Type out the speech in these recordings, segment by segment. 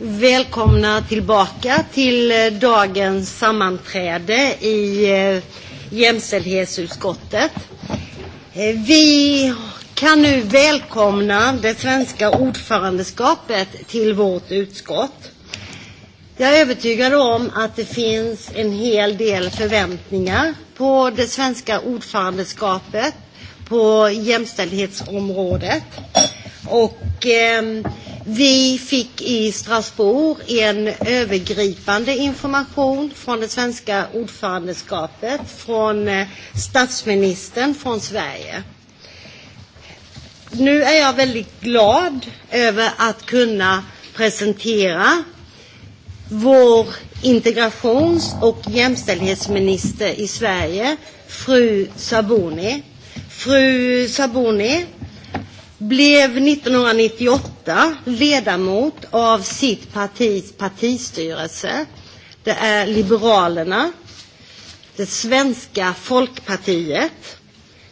Välkomna tillbaka till dagens sammanträde i jämställdhetsutskottet. Vi kan nu välkomna det svenska ordförandeskapet till vårt utskott. Jag är övertygad om att det finns en hel del förväntningar på det svenska ordförandeskapet på jämställdhetsområdet. Och eh, Vi fick i Strasbourg en övergripande information från det svenska ordförandeskapet, från statsministern från Sverige. Nu är jag väldigt glad över att kunna presentera vår integrations och jämställdhetsminister i Sverige, fru Sabuni. Fru Sabuni blev 1998 ledamot av sitt partis partistyrelse. Det är Liberalerna, det svenska Folkpartiet.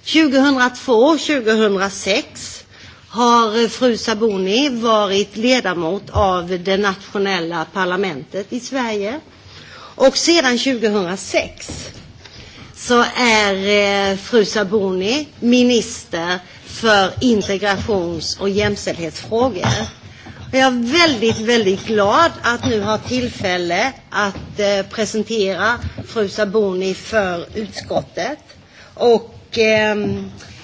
2002-2006 har fru Saboni varit ledamot av det nationella parlamentet i Sverige. Och sedan 2006 så är fru Saboni minister för integrations och jämställdhetsfrågor. Och jag är väldigt, väldigt glad att nu ha tillfälle att eh, presentera fru Saboni för utskottet. Och eh,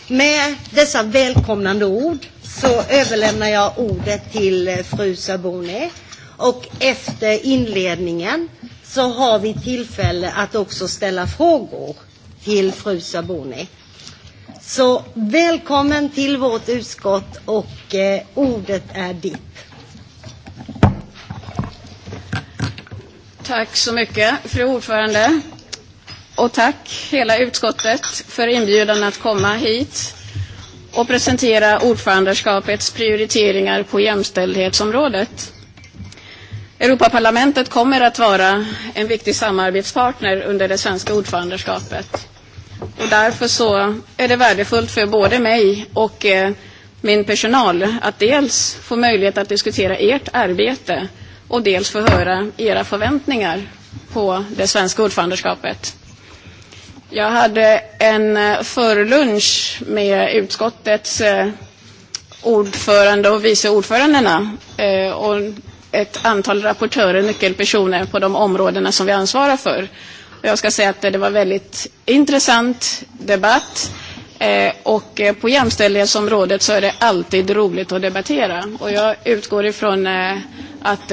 med dessa välkomnande ord så överlämnar jag ordet till fru Saboni. Och efter inledningen så har vi tillfälle att också ställa frågor till fru Saboni. Så välkommen till vårt utskott och eh, ordet är ditt. Tack så mycket, fru ordförande. Och tack hela utskottet för inbjudan att komma hit och presentera ordförandeskapets prioriteringar på jämställdhetsområdet. Europaparlamentet kommer att vara en viktig samarbetspartner under det svenska ordförandeskapet. Och därför så är det värdefullt för både mig och eh, min personal att dels få möjlighet att diskutera ert arbete och dels få höra era förväntningar på det svenska ordförandeskapet. Jag hade en förlunch med utskottets ordförande och vice ordförandena och ett antal rapportörer, nyckelpersoner på de områdena som vi ansvarar för. Jag ska säga att det var väldigt intressant debatt. Och på jämställdhetsområdet så är det alltid roligt att debattera. Och jag utgår ifrån att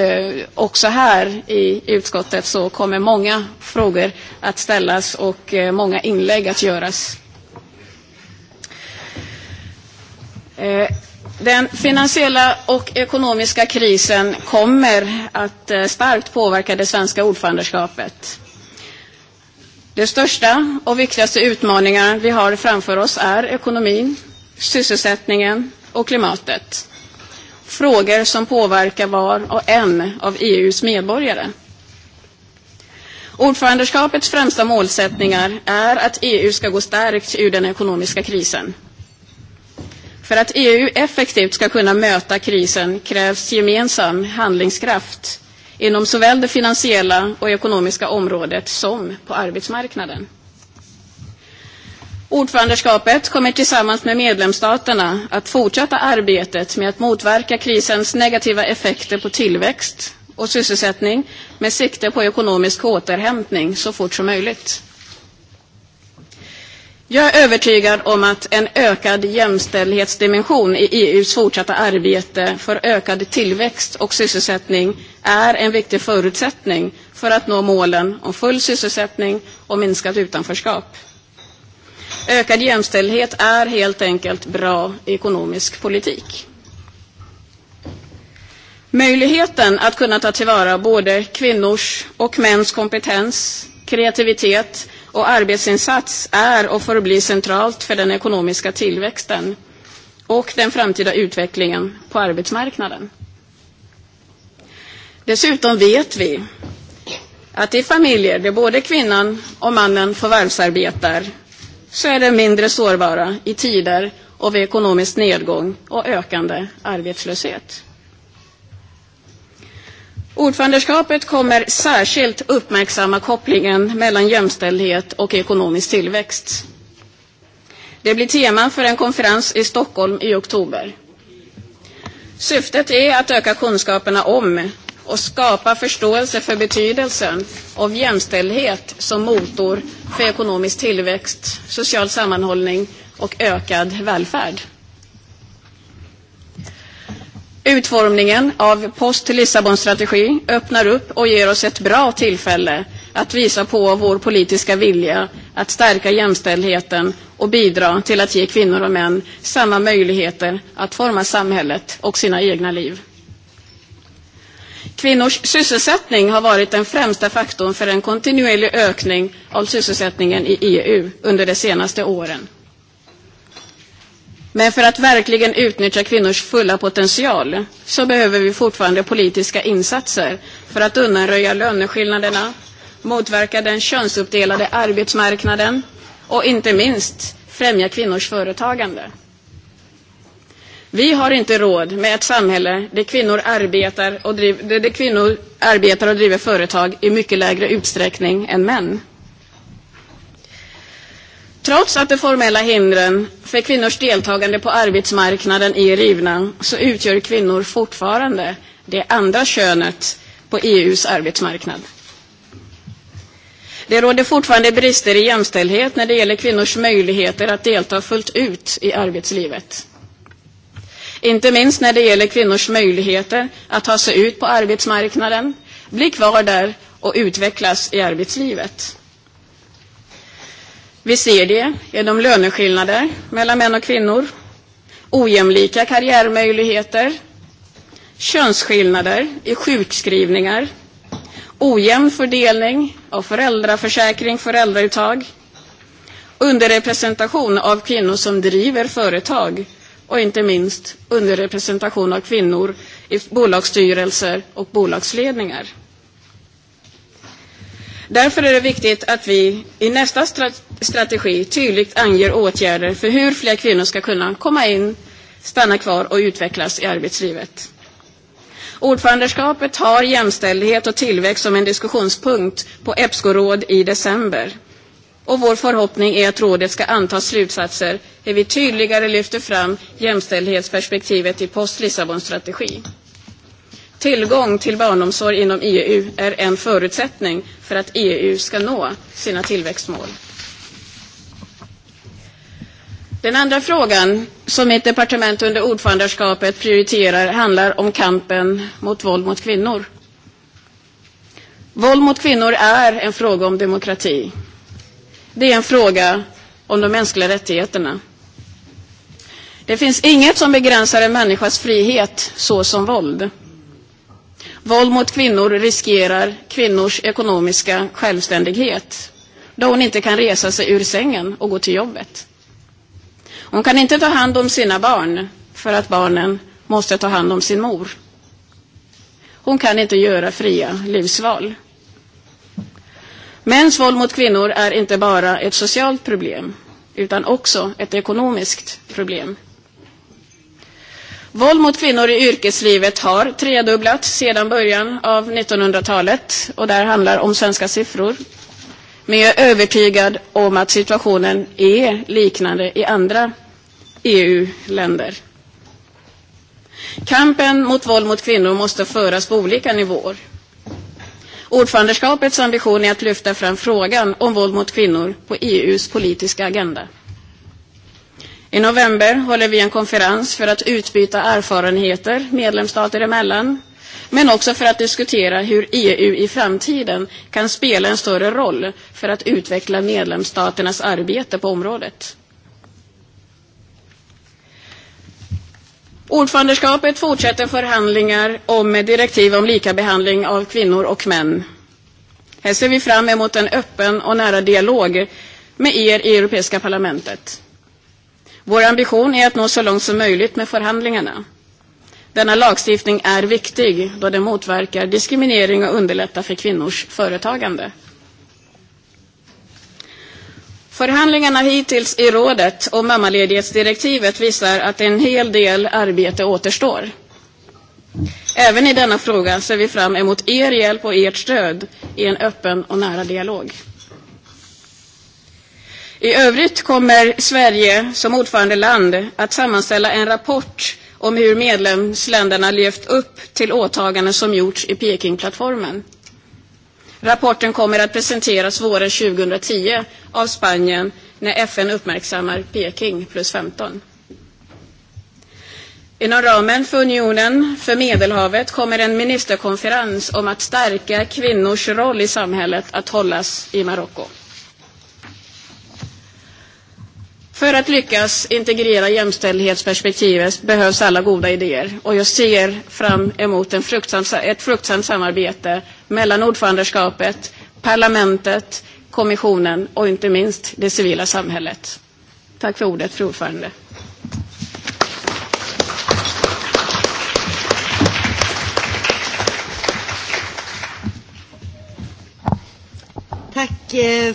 också här i utskottet så kommer många frågor att ställas och många inlägg att göras. Den finansiella och ekonomiska krisen kommer att starkt påverka det svenska ordförandeskapet. De största och viktigaste utmaningar vi har framför oss är ekonomin, sysselsättningen och klimatet. Frågor som påverkar var och en av EUs medborgare. Ordförandeskapets främsta målsättningar är att EU ska gå starkt ur den ekonomiska krisen. För att EU effektivt ska kunna möta krisen krävs gemensam handlingskraft inom såväl det finansiella och ekonomiska området som på arbetsmarknaden. Ordförandeskapet kommer tillsammans med medlemsstaterna att fortsätta arbetet med att motverka krisens negativa effekter på tillväxt och sysselsättning med sikte på ekonomisk återhämtning så fort som möjligt. Jag är övertygad om att en ökad jämställdhetsdimension i EUs fortsatta arbete för ökad tillväxt och sysselsättning är en viktig förutsättning för att nå målen om full sysselsättning och minskat utanförskap. Ökad jämställdhet är helt enkelt bra ekonomisk politik. Möjligheten att kunna ta tillvara både kvinnors och mäns kompetens, kreativitet och arbetsinsats är och förblir centralt för den ekonomiska tillväxten och den framtida utvecklingen på arbetsmarknaden. Dessutom vet vi att i familjer där både kvinnan och mannen förvärvsarbetar så är de mindre sårbara i tider av ekonomisk nedgång och ökande arbetslöshet. Ordförandeskapet kommer särskilt uppmärksamma kopplingen mellan jämställdhet och ekonomisk tillväxt. Det blir teman för en konferens i Stockholm i oktober. Syftet är att öka kunskaperna om och skapa förståelse för betydelsen av jämställdhet som motor för ekonomisk tillväxt, social sammanhållning och ökad välfärd. Utformningen av post-Lissabon-strategi öppnar upp och ger oss ett bra tillfälle att visa på vår politiska vilja att stärka jämställdheten och bidra till att ge kvinnor och män samma möjligheter att forma samhället och sina egna liv. Kvinnors sysselsättning har varit den främsta faktorn för en kontinuerlig ökning av sysselsättningen i EU under de senaste åren. Men för att verkligen utnyttja kvinnors fulla potential så behöver vi fortfarande politiska insatser för att undanröja löneskillnaderna, motverka den könsuppdelade arbetsmarknaden och inte minst främja kvinnors företagande. Vi har inte råd med ett samhälle där kvinnor arbetar och, där kvinnor arbetar och driver företag i mycket lägre utsträckning än män. Trots att de formella hindren för kvinnors deltagande på arbetsmarknaden är rivna så utgör kvinnor fortfarande det andra könet på EUs arbetsmarknad. Det råder fortfarande brister i jämställdhet när det gäller kvinnors möjligheter att delta fullt ut i arbetslivet. Inte minst när det gäller kvinnors möjligheter att ta sig ut på arbetsmarknaden, bli kvar där och utvecklas i arbetslivet. Vi ser det genom löneskillnader mellan män och kvinnor, ojämlika karriärmöjligheter, könsskillnader i sjukskrivningar, ojämn fördelning av föräldraförsäkring, föräldrauttag, underrepresentation av kvinnor som driver företag och inte minst underrepresentation av kvinnor i bolagsstyrelser och bolagsledningar. Därför är det viktigt att vi i nästa strategi tydligt anger åtgärder för hur fler kvinnor ska kunna komma in, stanna kvar och utvecklas i arbetslivet. Ordförandeskapet har jämställdhet och tillväxt som en diskussionspunkt på EPSCO-råd i december. Och vår förhoppning är att rådet ska anta slutsatser där vi tydligare lyfter fram jämställdhetsperspektivet i post-Lissabon-strategi. Tillgång till barnomsorg inom EU är en förutsättning för att EU ska nå sina tillväxtmål. Den andra frågan som mitt departement under ordförandeskapet prioriterar handlar om kampen mot våld mot kvinnor. Våld mot kvinnor är en fråga om demokrati. Det är en fråga om de mänskliga rättigheterna. Det finns inget som begränsar en människas frihet så som våld. Våld mot kvinnor riskerar kvinnors ekonomiska självständighet då hon inte kan resa sig ur sängen och gå till jobbet. Hon kan inte ta hand om sina barn för att barnen måste ta hand om sin mor. Hon kan inte göra fria livsval. Mäns våld mot kvinnor är inte bara ett socialt problem utan också ett ekonomiskt problem. Våld mot kvinnor i yrkeslivet har tredubblats sedan början av 1900-talet och där handlar om svenska siffror. Men jag är övertygad om att situationen är liknande i andra EU-länder. Kampen mot våld mot kvinnor måste föras på olika nivåer. Ordförandeskapets ambition är att lyfta fram frågan om våld mot kvinnor på EUs politiska agenda. I november håller vi en konferens för att utbyta erfarenheter medlemsstater emellan, men också för att diskutera hur EU i framtiden kan spela en större roll för att utveckla medlemsstaternas arbete på området. Ordförandeskapet fortsätter förhandlingar om direktiv om likabehandling av kvinnor och män. Här ser vi fram emot en öppen och nära dialog med er i Europeiska parlamentet. Vår ambition är att nå så långt som möjligt med förhandlingarna. Denna lagstiftning är viktig då den motverkar diskriminering och underlättar för kvinnors företagande. Förhandlingarna hittills i rådet om mammaledighetsdirektivet visar att en hel del arbete återstår. Även i denna fråga ser vi fram emot er hjälp och ert stöd i en öppen och nära dialog. I övrigt kommer Sverige som ordförandeland att sammanställa en rapport om hur medlemsländerna levt upp till åtaganden som gjorts i Pekingplattformen. Rapporten kommer att presenteras våren 2010 av Spanien när FN uppmärksammar Peking plus 15. Inom ramen för unionen för Medelhavet kommer en ministerkonferens om att stärka kvinnors roll i samhället att hållas i Marocko. För att lyckas integrera jämställdhetsperspektivet behövs alla goda idéer och jag ser fram emot en fruktsamt, ett fruktansvärt samarbete mellan ordförandeskapet, parlamentet, kommissionen och inte minst det civila samhället. Tack för ordet, fru ordförande.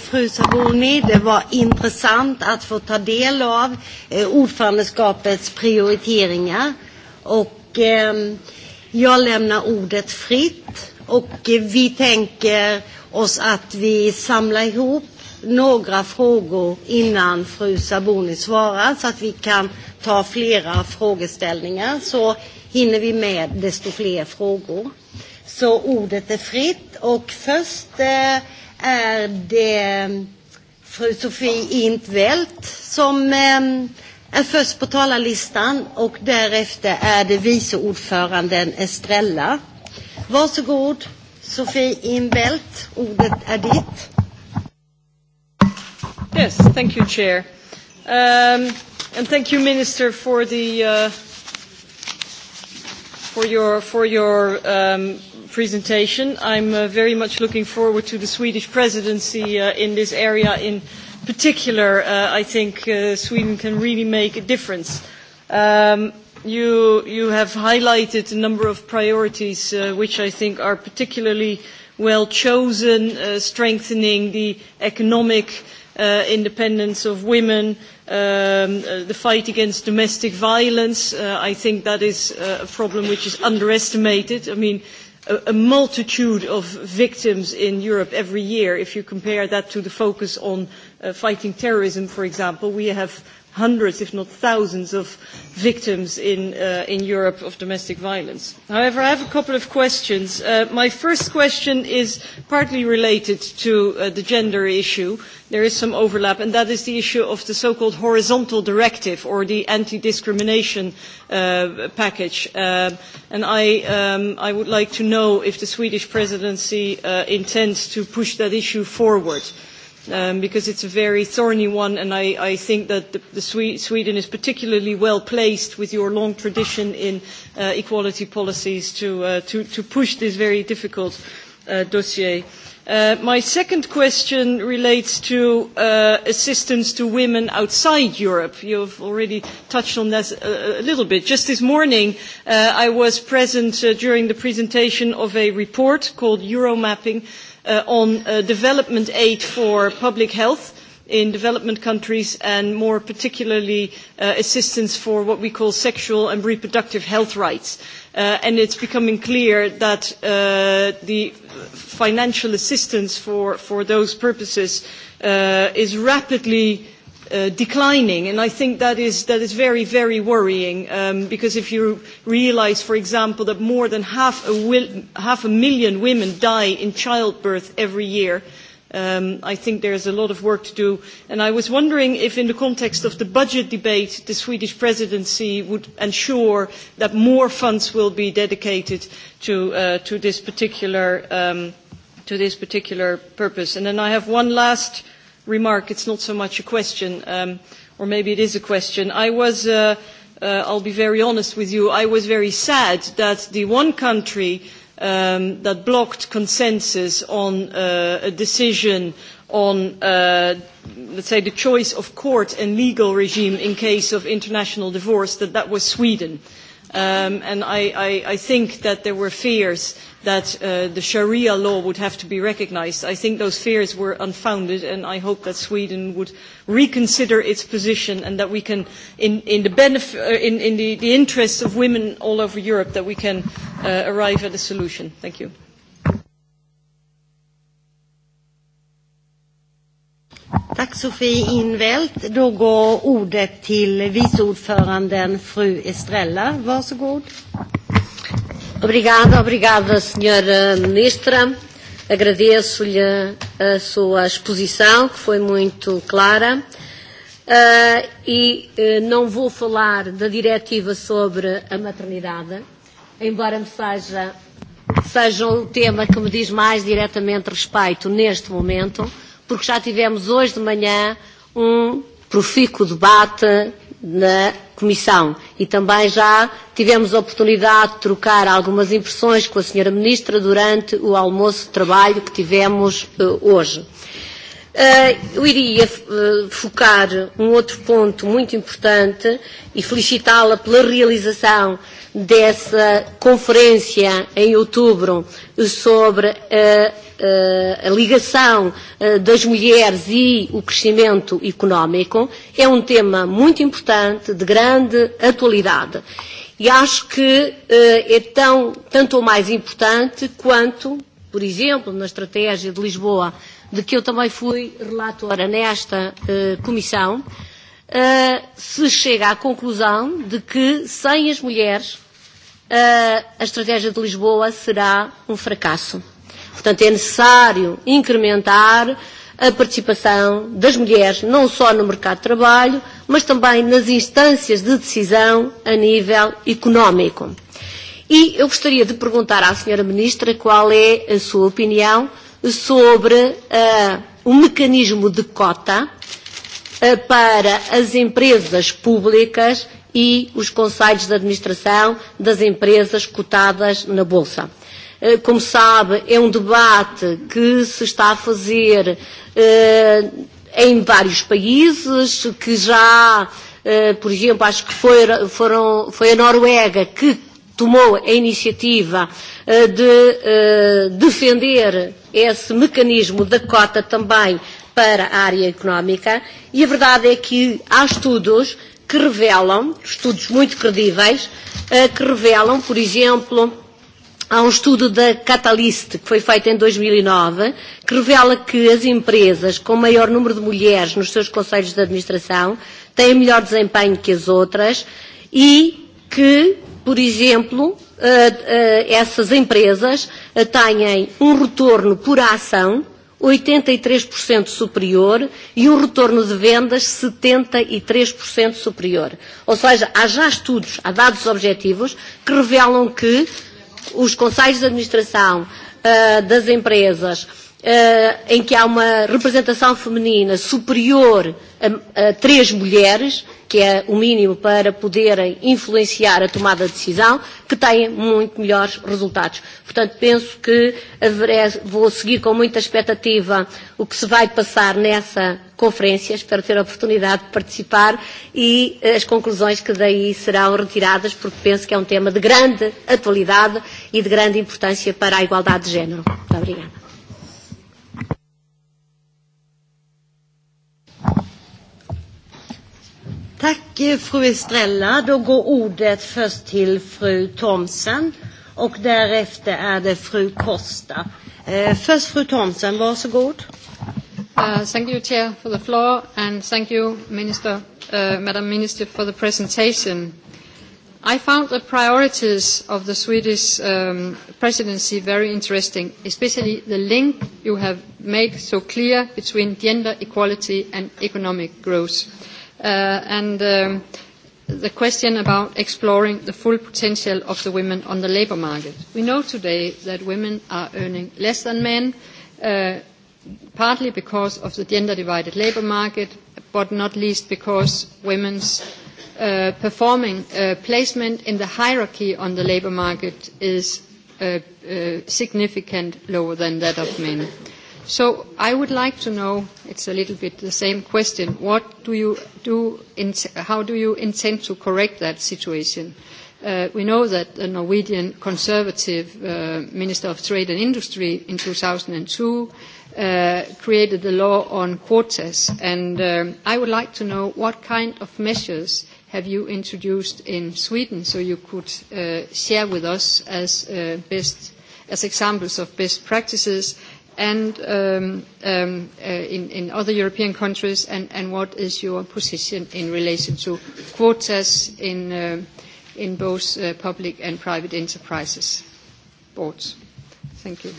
fru Saboni, Det var intressant att få ta del av ordförandeskapets prioriteringar. Och jag lämnar ordet fritt och vi tänker oss att vi samlar ihop några frågor innan fru Saboni svarar så att vi kan ta flera frågeställningar så hinner vi med desto fler frågor. Så ordet är fritt och först är det fru Sofie Intvält som är först på talarlistan och därefter är det vice ordföranden Estrella. Varsågod, Sofie Intvält, ordet är ditt. Yes, thank you, Chair. Um, and thank you, Minister, for the uh, for your for your um, presentation. I'm uh, very much looking forward to the Swedish presidency uh, in this area in particular. Uh, I think uh, Sweden can really make a difference. Um, you, you have highlighted a number of priorities uh, which I think are particularly well chosen, uh, strengthening the economic independence of women, the fight against domestic violence. I think that is a problem which is underestimated. I mean, a multitude of victims in Europe every year. If you compare that to the focus on fighting terrorism, for example, we have hundreds, if not thousands, of victims in, uh, in Europe of domestic violence. However, I have a couple of questions. Uh, my first question is partly related to uh, the gender issue. There is some overlap, and that is the issue of the so-called horizontal directive or the anti-discrimination uh, package. Uh, and I, um, I would like to know if the Swedish presidency uh, intends to push that issue forward um, because it's a very thorny one, and I, I think that the, the Swe- Sweden is particularly well placed with your long tradition in uh, equality policies to, uh, to, to push this very difficult uh, dossier. Uh, my second question relates to uh, assistance to women outside Europe. You have already touched on that a, a little bit. Just this morning, uh, I was present uh, during the presentation of a report called Euromapping, on development aid for public health in development countries and more particularly assistance for what we call sexual and reproductive health rights. It is becoming clear that the financial assistance for, those purposes is rapidly declining. And I think that is, that is very, very worrying because if you realise, for example, that more than half a, half a million women die in childbirth every year, I think there is a lot of work to do. And I was wondering if, in the context of the budget debate, the Swedish presidency would ensure that more funds will be dedicated to, this, particular, purpose. And then I have one last remark. It's not so much a question, um, or maybe it is a question. I was, uh, uh, I'll be very honest with you, I was very sad that the one country um, that blocked consensus on uh, a decision on, uh, let's say, the choice of court and legal regime in case of international divorce, that that was Sweden and I, I, think that there were fears that the Sharia law would have to be recognised. I think those fears were unfounded, and I hope that Sweden would reconsider its position and that we can, in, in, the, benef- in, in the, the interests of women all over Europe, that we can arrive at a solution. Thank you. Tack Sofie Invält. Då går ordet till ordföranden fru Estrella. Varsågod. Obrigada, obrigada senhora ministra. Agradeço-lhe a sua exposição, que foi muito clara. Uh, e uh, não vou falar da diretiva sobre a maternidade, embora me seja, seja o tema que me diz mais diretamente respeito neste momento porque já tivemos hoje de manhã um profícuo debate na Comissão e também já tivemos a oportunidade de trocar algumas impressões com a Sra. Ministra durante o almoço de trabalho que tivemos hoje eu iria focar um outro ponto muito importante e felicitá-la pela realização dessa conferência em outubro sobre a, a, a ligação das mulheres e o crescimento económico. É um tema muito importante, de grande atualidade. E acho que é tão, tanto ou mais importante quanto, por exemplo, na estratégia de Lisboa de que eu também fui relatora nesta uh, comissão, uh, se chega à conclusão de que sem as mulheres uh, a estratégia de Lisboa será um fracasso. Portanto, é necessário incrementar a participação das mulheres, não só no mercado de trabalho, mas também nas instâncias de decisão a nível económico. E eu gostaria de perguntar à Sra. Ministra qual é a sua opinião sobre uh, o mecanismo de cota uh, para as empresas públicas e os conselhos de administração das empresas cotadas na Bolsa. Como sabe, é um debate que se está a fazer em vários países, que já, por exemplo, acho que foi, foram, foi a Noruega que tomou a iniciativa de defender esse mecanismo da cota também para a área económica e a verdade é que há estudos que revelam, estudos muito credíveis, que revelam, por exemplo, Há um estudo da Catalyst, que foi feito em 2009, que revela que as empresas com maior número de mulheres nos seus conselhos de administração têm melhor desempenho que as outras e que por exemplo, essas empresas têm um retorno por ação 83% superior e um retorno de vendas 73% superior. Ou seja, há já estudos, há dados objetivos que revelam que os conselhos de administração das empresas em que há uma representação feminina superior a três mulheres que é o mínimo para poderem influenciar a tomada de decisão, que têm muito melhores resultados. Portanto, penso que vou seguir com muita expectativa o que se vai passar nessa conferência, espero ter a oportunidade de participar e as conclusões que daí serão retiradas, porque penso que é um tema de grande atualidade e de grande importância para a igualdade de género. Muito obrigada. Tack fru Estrella. Då går ordet först till fru Thomsen och därefter är det fru Costa. First, fru Thomsen, varsågod. Thank you, Chair, for the floor, and thank you, Minister, Madam Minister, for the presentation. I found the priorities of the Swedish presidency very interesting, especially the link you have made so clear between gender equality and economic growth and the question about exploring the full potential of the women on the labour market. We know today that women are earning less than men, partly because of the gender-divided labour market, but not least because women's performing placement in the hierarchy on the labour market is significantly significant lower than that of men. So I would like to know, it's a little bit the same question, what do you do, in how do you intend to correct that situation? we know that the Norwegian Conservative Minister of Trade and Industry in two thousand two created the law on quotas, and I would like to know what kind of measures have you introduced in Sweden so you could share with us as, best, as examples of best practices and um, in in other European countries, and and what is your position in relation to quotas in uh, in both uh, public and private enterprises boards? Thank you.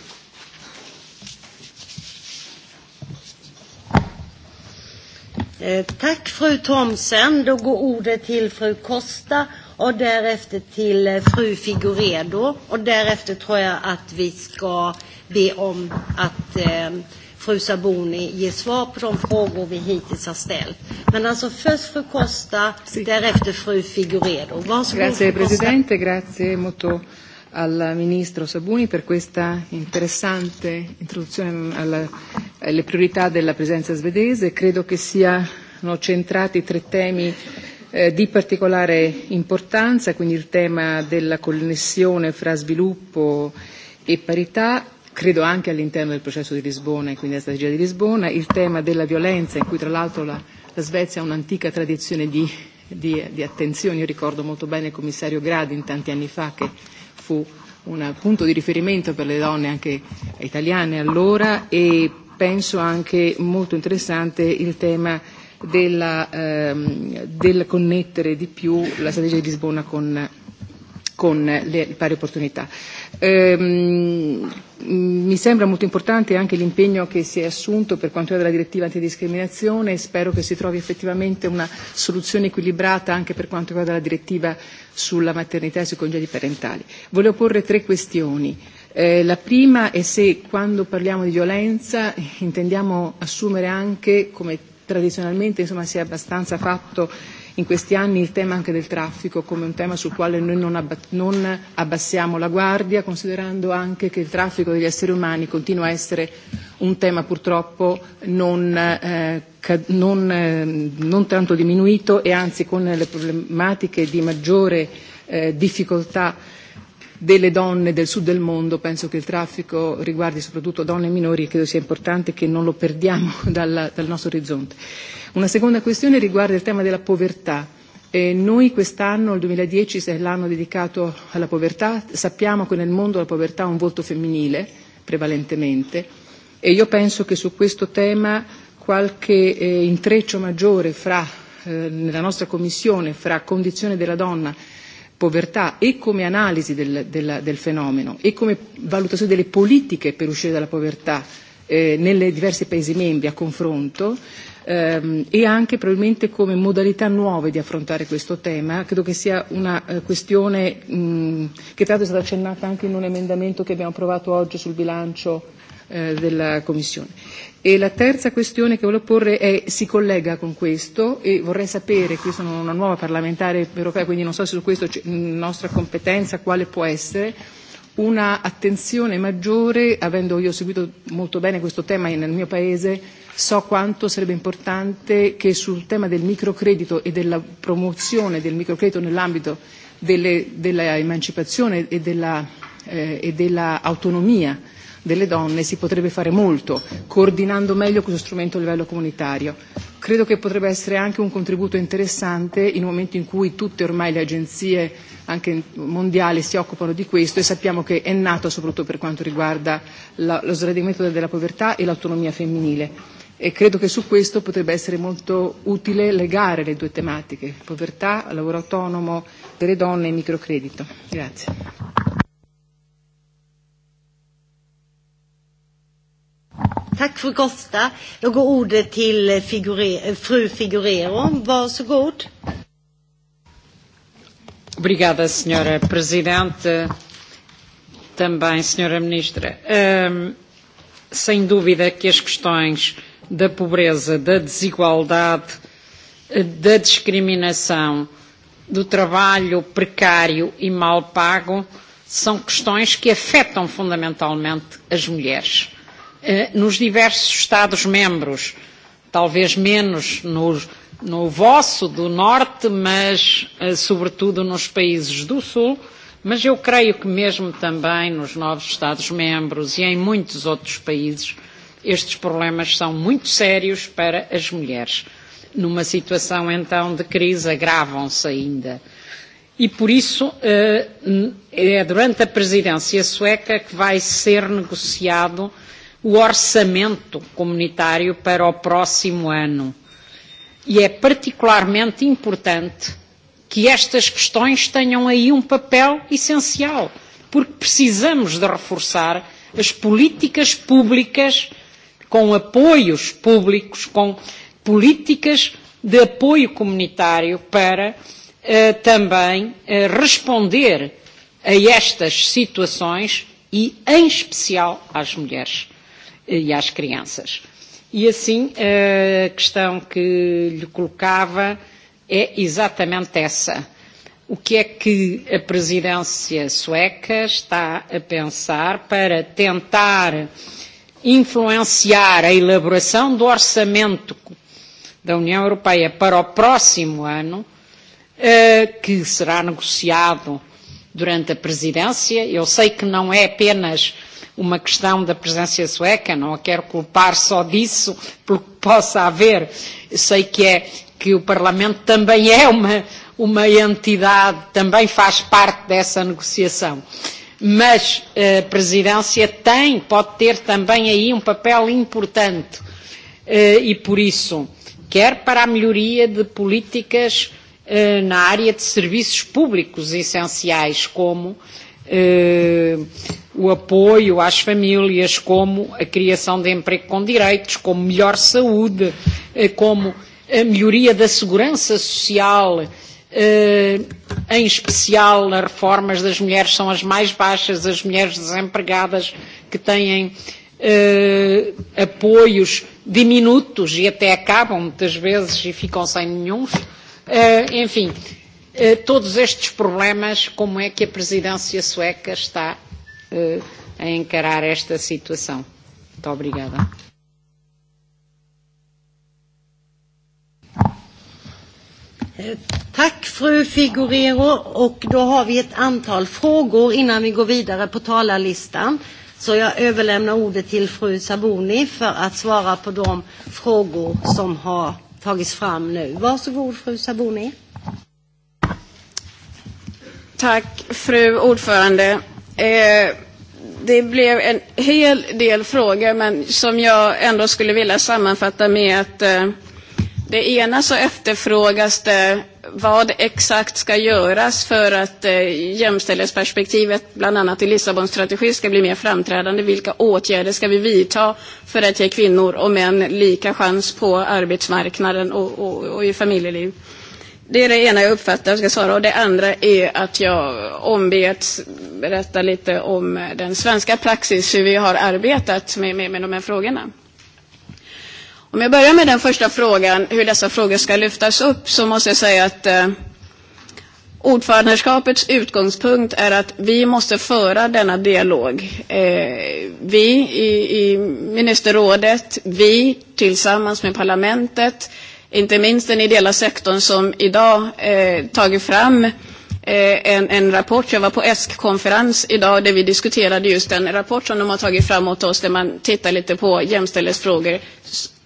Tack, fru Thomsen. Då går ordet till fru Costa och därefter till fru Figuredo och därefter tror jag att vi ska be om att eh, fru Saboni ger svar på de frågor vi hittills har ställt. Men alltså först fru Costa, sì. därefter fru Figuredo. Varsågod Grazie fru Costa. Presidente, grazie molto al Ministro Sabuni per questa interessante introduzione alla, alle priorità della presenza svedese. Credo che siano centrati tre temi di particolare importanza, quindi il tema della connessione fra sviluppo e parità, credo anche all'interno del processo di Lisbona e quindi della strategia di Lisbona, il tema della violenza in cui tra l'altro la, la Svezia ha un'antica tradizione di, di, di attenzione, io ricordo molto bene il commissario Gradin tanti anni fa che fu un punto di riferimento per le donne anche italiane allora e penso anche molto interessante il tema della, ehm, del connettere di più la strategia di Lisbona con, con le pari opportunità. Ehm, mi sembra molto importante anche l'impegno che si è assunto per quanto riguarda la direttiva antidiscriminazione e spero che si trovi effettivamente una soluzione equilibrata anche per quanto riguarda la direttiva sulla maternità e sui congedi parentali. Volevo porre tre questioni. Eh, la prima è se quando parliamo di violenza intendiamo assumere anche come tradizionalmente insomma, si è abbastanza fatto in questi anni il tema anche del traffico come un tema sul quale noi non, abba- non abbassiamo la guardia, considerando anche che il traffico degli esseri umani continua a essere un tema purtroppo non, eh, non, eh, non tanto diminuito e anzi con le problematiche di maggiore eh, difficoltà delle donne del sud del mondo, penso che il traffico riguardi soprattutto donne e minori e credo sia importante che non lo perdiamo dal, dal nostro orizzonte. Una seconda questione riguarda il tema della povertà. noi quest'anno, il 2010, è l'anno dedicato alla povertà. Sappiamo che nel mondo la povertà ha un volto femminile, prevalentemente, e io penso che su questo tema qualche eh, intreccio maggiore fra, eh, nella nostra Commissione fra condizione della donna povertà e come analisi del, del, del fenomeno e come valutazione delle politiche per uscire dalla povertà eh, nelle diversi Paesi membri a confronto ehm, e anche probabilmente come modalità nuove di affrontare questo tema. Credo che sia una eh, questione mh, che tra l'altro è stata accennata anche in un emendamento che abbiamo approvato oggi sul bilancio della Commissione. E la terza questione che volevo porre è, si collega con questo e vorrei sapere, qui sono una nuova parlamentare europea, quindi non so se su questo c'è nostra competenza, quale può essere, una attenzione maggiore, avendo io seguito molto bene questo tema nel mio paese, so quanto sarebbe importante che sul tema del microcredito e della promozione del microcredito nell'ambito dell'emancipazione e dell'autonomia delle donne si potrebbe fare molto, coordinando meglio questo strumento a livello comunitario. Credo che potrebbe essere anche un contributo interessante in un momento in cui tutte ormai le agenzie anche mondiali si occupano di questo e sappiamo che è nato soprattutto per quanto riguarda la, lo sradimento della povertà e l'autonomia femminile e credo che su questo potrebbe essere molto utile legare le due tematiche, povertà, lavoro autonomo delle donne e microcredito. Grazie. Tack Jag går ordet till figure, fru Varsågod. Obrigada, senhora presidente. Também, senhora ministra. Um, sem dúvida que as questões da pobreza, da desigualdade, da discriminação, do trabalho precário e mal pago são questões que afetam fundamentalmente as mulheres nos diversos Estados-membros, talvez menos no, no vosso do Norte, mas sobretudo nos países do Sul, mas eu creio que mesmo também nos novos Estados-membros e em muitos outros países, estes problemas são muito sérios para as mulheres. Numa situação então de crise, agravam-se ainda. E por isso é durante a presidência sueca que vai ser negociado o orçamento comunitário para o próximo ano. E é particularmente importante que estas questões tenham aí um papel essencial, porque precisamos de reforçar as políticas públicas com apoios públicos, com políticas de apoio comunitário para também responder a estas situações e, em especial, às mulheres e às crianças. E assim, a questão que lhe colocava é exatamente essa. O que é que a presidência sueca está a pensar para tentar influenciar a elaboração do orçamento da União Europeia para o próximo ano, que será negociado durante a presidência? Eu sei que não é apenas uma questão da presença sueca, não a quero culpar só disso, pelo que possa haver. Eu sei que é que o Parlamento também é uma, uma entidade, também faz parte dessa negociação. Mas a presidência tem, pode ter também aí um papel importante e por isso, quer para a melhoria de políticas na área de serviços públicos essenciais, como uh, o apoio às famílias, como a criação de emprego com direitos, como melhor saúde, como a melhoria da segurança social, em especial as reformas das mulheres são as mais baixas, as mulheres desempregadas que têm apoios diminutos e até acabam muitas vezes e ficam sem nenhum. enfim, todos estes problemas, como é que a presidência sueca está a encarar esta situação? Muito obrigada. Tack fru Figurero och då har vi ett antal frågor innan vi går vidare på talarlistan. Så jag överlämnar ordet till fru Saboni för att svara på de frågor som har tagits fram nu. Varsågod fru Saboni. Tack, fru ordförande. Eh, det blev en hel del frågor, men som jag ändå skulle vilja sammanfatta med att eh, det ena så efterfrågas det vad exakt ska göras för att eh, jämställdhetsperspektivet, bland annat i Lissabonstrategin, ska bli mer framträdande. Vilka åtgärder ska vi vidta för att ge kvinnor och män lika chans på arbetsmarknaden och, och, och i familjeliv? Eh, Det är det ena jag uppfattar jag ska svara och det andra är att jag ombeds berätta lite om den svenska praxis, hur vi har arbetat med, med, med de här frågorna. Om jag börjar med den första frågan, hur dessa frågor ska lyftas upp, så måste jag säga att eh, ordförandeskapets utgångspunkt är att vi måste föra denna dialog. Eh, vi i, i ministerrådet, vi tillsammans med parlamentet, inte minst den ideella sektorn som idag eh, tagit fram eh, en, en rapport. Jag var på ESK-konferens idag där vi diskuterade just den rapport som de har tagit fram åt oss där man tittar lite på jämställdhetsfrågor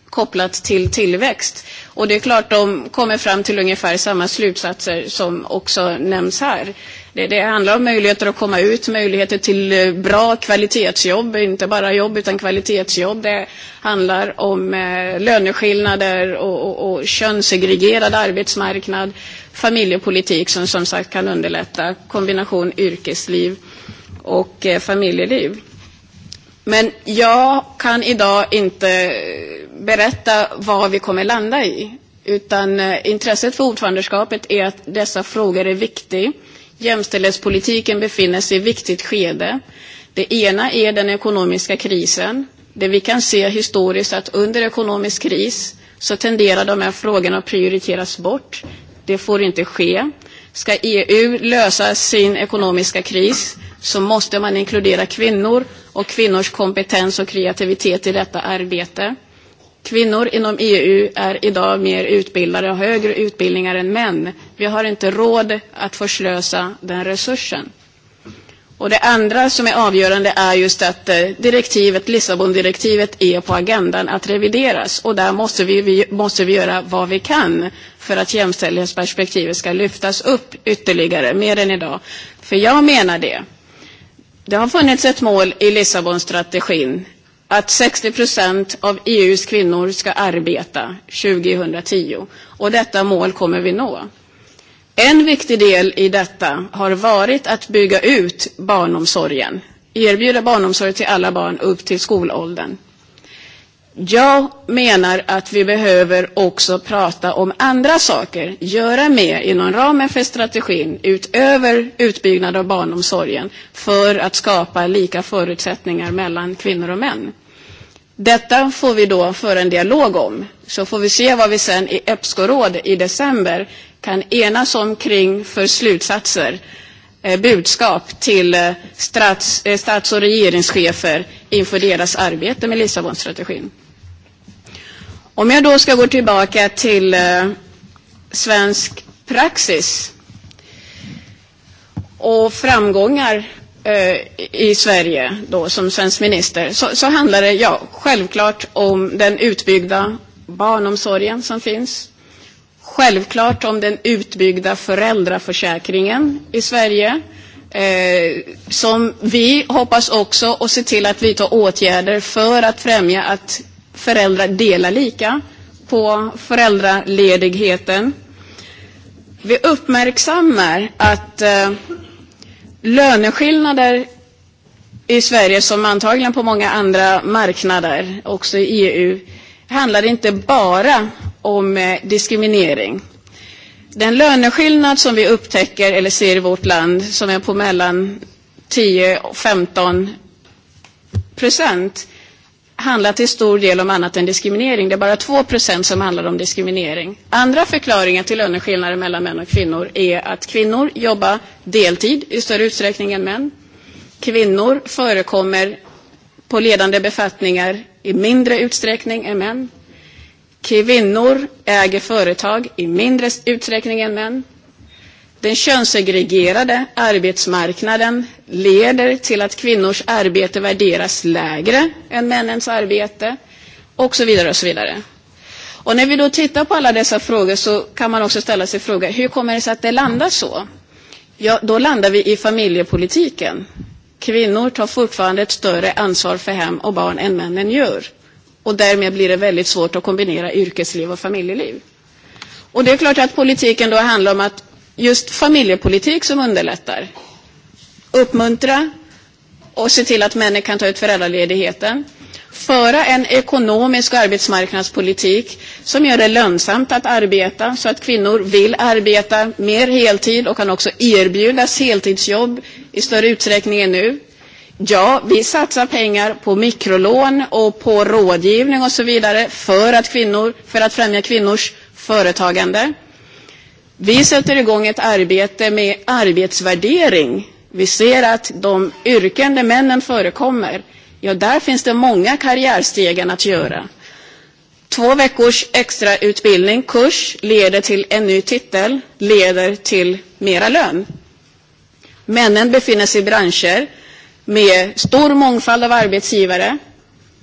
kopplat till tillväxt. Och det är klart de kommer fram till ungefär samma slutsatser som också nämns här. Eh, Det, det handlar om möjligheter att komma ut, möjligheter till bra kvalitetsjobb, inte bara jobb utan kvalitetsjobb. Det handlar om eh, löneskillnader och, och, och könssegregerad arbetsmarknad, familjepolitik som som sagt kan underlätta kombination yrkesliv och eh, familjeliv. Men jag kan idag inte berätta vad vi kommer landa i. Utan intresset för ordförandeskapet är att dessa frågor är viktiga Jämställdhetspolitiken befinner sig i ett viktigt skede. Det ena är den ekonomiska krisen, där vi kan se historiskt att under ekonomisk kris så tenderar de här frågorna att prioriteras bort. Det får inte ske. Ska EU lösa sin ekonomiska kris så måste man inkludera kvinnor och kvinnors kompetens och kreativitet i detta arbete. Kvinnor inom EU är idag mer utbildade och högre utbildningar än män. Vi har inte råd att förslösa den resursen. Och det andra som är avgörande är just att direktivet, Lissabondirektivet är på agendan att revideras. Och där måste vi, vi, måste vi göra vad vi kan för att jämställdhetsperspektivet ska lyftas upp ytterligare, mer än idag. För jag menar det. Det har funnits ett mål i Lissabonstrategin att 60 procent av EUs kvinnor ska arbeta 2010 och detta mål kommer vi nå. En viktig del i detta har varit att bygga ut barnomsorgen, erbjuda barnomsorg till alla barn upp till skolåldern. Jag menar att vi behöver också prata om andra saker, göra mer inom ramen för strategin utöver utbyggnad av barnomsorgen för att skapa lika förutsättningar mellan kvinnor och män. Detta får vi då föra en dialog om, så får vi se vad vi sen i EPSCO-råd i december kan enas om kring för slutsatser, budskap till stats och regeringschefer inför deras arbete med Lissabonstrategin. Om jag då ska gå tillbaka till eh, svensk praxis och framgångar i Sverige då som svensk minister så, så handlar det ja, självklart om den utbyggda barnomsorgen som finns. Självklart om den utbyggda föräldraförsäkringen i Sverige eh, som vi hoppas också och se till att vi tar åtgärder för att främja att föräldrar delar lika på föräldraledigheten. Vi uppmärksammar att löneskillnader i Sverige, som antagligen på många andra marknader, också i EU, handlar inte bara om diskriminering. Den löneskillnad som vi upptäcker eller ser i vårt land, som är på mellan 10 och 15 procent, handlar till stor del om annat än diskriminering. Det är bara 2 som handlar om diskriminering. Andra förklaringar till löneskillnader mellan män och kvinnor är att kvinnor jobbar deltid i större utsträckning än män. Kvinnor förekommer på ledande befattningar i mindre utsträckning än män. Kvinnor äger företag i mindre utsträckning än män. Den könssegregerade arbetsmarknaden leder till att kvinnors arbete värderas lägre än männens arbete och så vidare. och så vidare. Och när vi då tittar på alla dessa frågor så kan man också ställa sig frågan hur kommer det sig att det landar så? Ja, då landar vi i familjepolitiken. Kvinnor tar fortfarande ett större ansvar för hem och barn än männen gör. Och därmed blir det väldigt svårt att kombinera yrkesliv och familjeliv. Och det är klart att politiken då handlar om att just familjepolitik som underlättar. Uppmuntra och se till att männen kan ta ut föräldraledigheten. Föra en ekonomisk arbetsmarknadspolitik som gör det lönsamt att arbeta så att kvinnor vill arbeta mer heltid och kan också erbjudas heltidsjobb i större utsträckning än nu. Ja, vi satsar pengar på mikrolån och på rådgivning och så vidare för att, kvinnor, för att främja kvinnors företagande. Vi sätter igång ett arbete med arbetsvärdering. Vi ser att de yrken där männen förekommer, ja, där finns det många karriärstegen att göra. Två veckors extra utbildning, kurs, leder till en ny titel, leder till mera lön. Männen befinner sig i branscher med stor mångfald av arbetsgivare.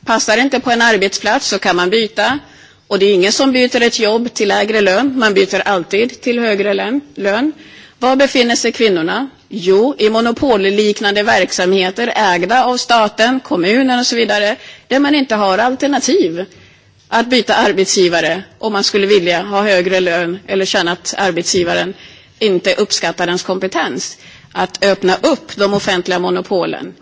Passar det inte på en arbetsplats så kan man byta. Och det är ingen som byter ett jobb till lägre lön. Man byter alltid till högre lön. Var befinner sig kvinnorna? Jo, i monopolliknande verksamheter ägda av staten, kommunen och så vidare, där man inte har alternativ att byta arbetsgivare om man skulle vilja ha högre lön eller känna att arbetsgivaren inte uppskattar ens kompetens. Att öppna upp de offentliga monopolen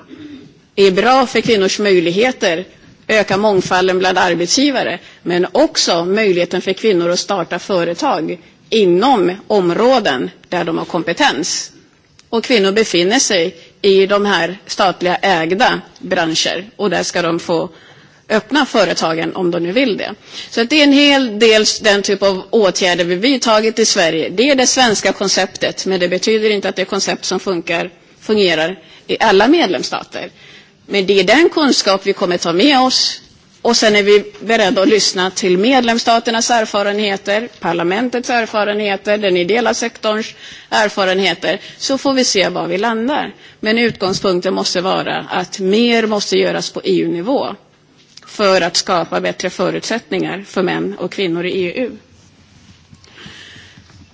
är bra för kvinnors möjligheter öka mångfalden bland arbetsgivare, men också möjligheten för kvinnor att starta företag inom områden där de har kompetens. Och kvinnor befinner sig i de här statliga ägda branscher och där ska de få öppna företagen om de nu vill det. Så att det är en hel del den typ av åtgärder vi vidtagit i Sverige. Det är det svenska konceptet, men det betyder inte att det är koncept som funkar, fungerar i alla medlemsstater. Men det är den kunskap vi kommer ta med oss och sen är vi beredda att lyssna till medlemsstaternas erfarenheter, parlamentets erfarenheter, den ideella sektorns erfarenheter, så får vi se var vi landar. Men utgångspunkten måste vara att mer måste göras på EU-nivå för att skapa bättre förutsättningar för män och kvinnor i EU.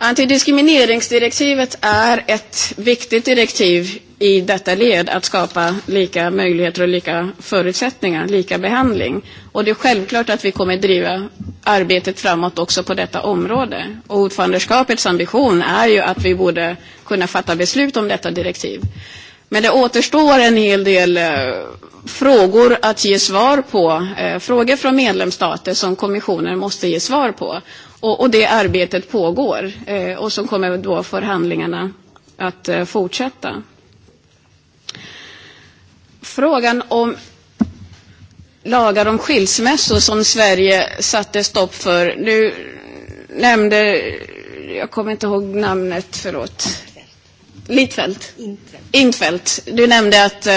Antidiskrimineringsdirektivet är ett viktigt direktiv i detta led att skapa lika möjligheter och lika förutsättningar, lika behandling. Och det är självklart att vi kommer att driva arbetet framåt också på detta område. Och ordförandeskapets ambition är ju att vi borde kunna fatta beslut om detta direktiv. Men det återstår en hel del frågor att ge svar på. Frågor från medlemsstater som kommissionen måste ge svar på. Och, det arbetet pågår. Och så kommer då förhandlingarna att fortsätta. Frågan om lagar om skilsmässor som Sverige satte stopp för. Nu nämnde, jag kommer inte ihåg namnet, förlåt Littfält. Intfält. Du nämnde att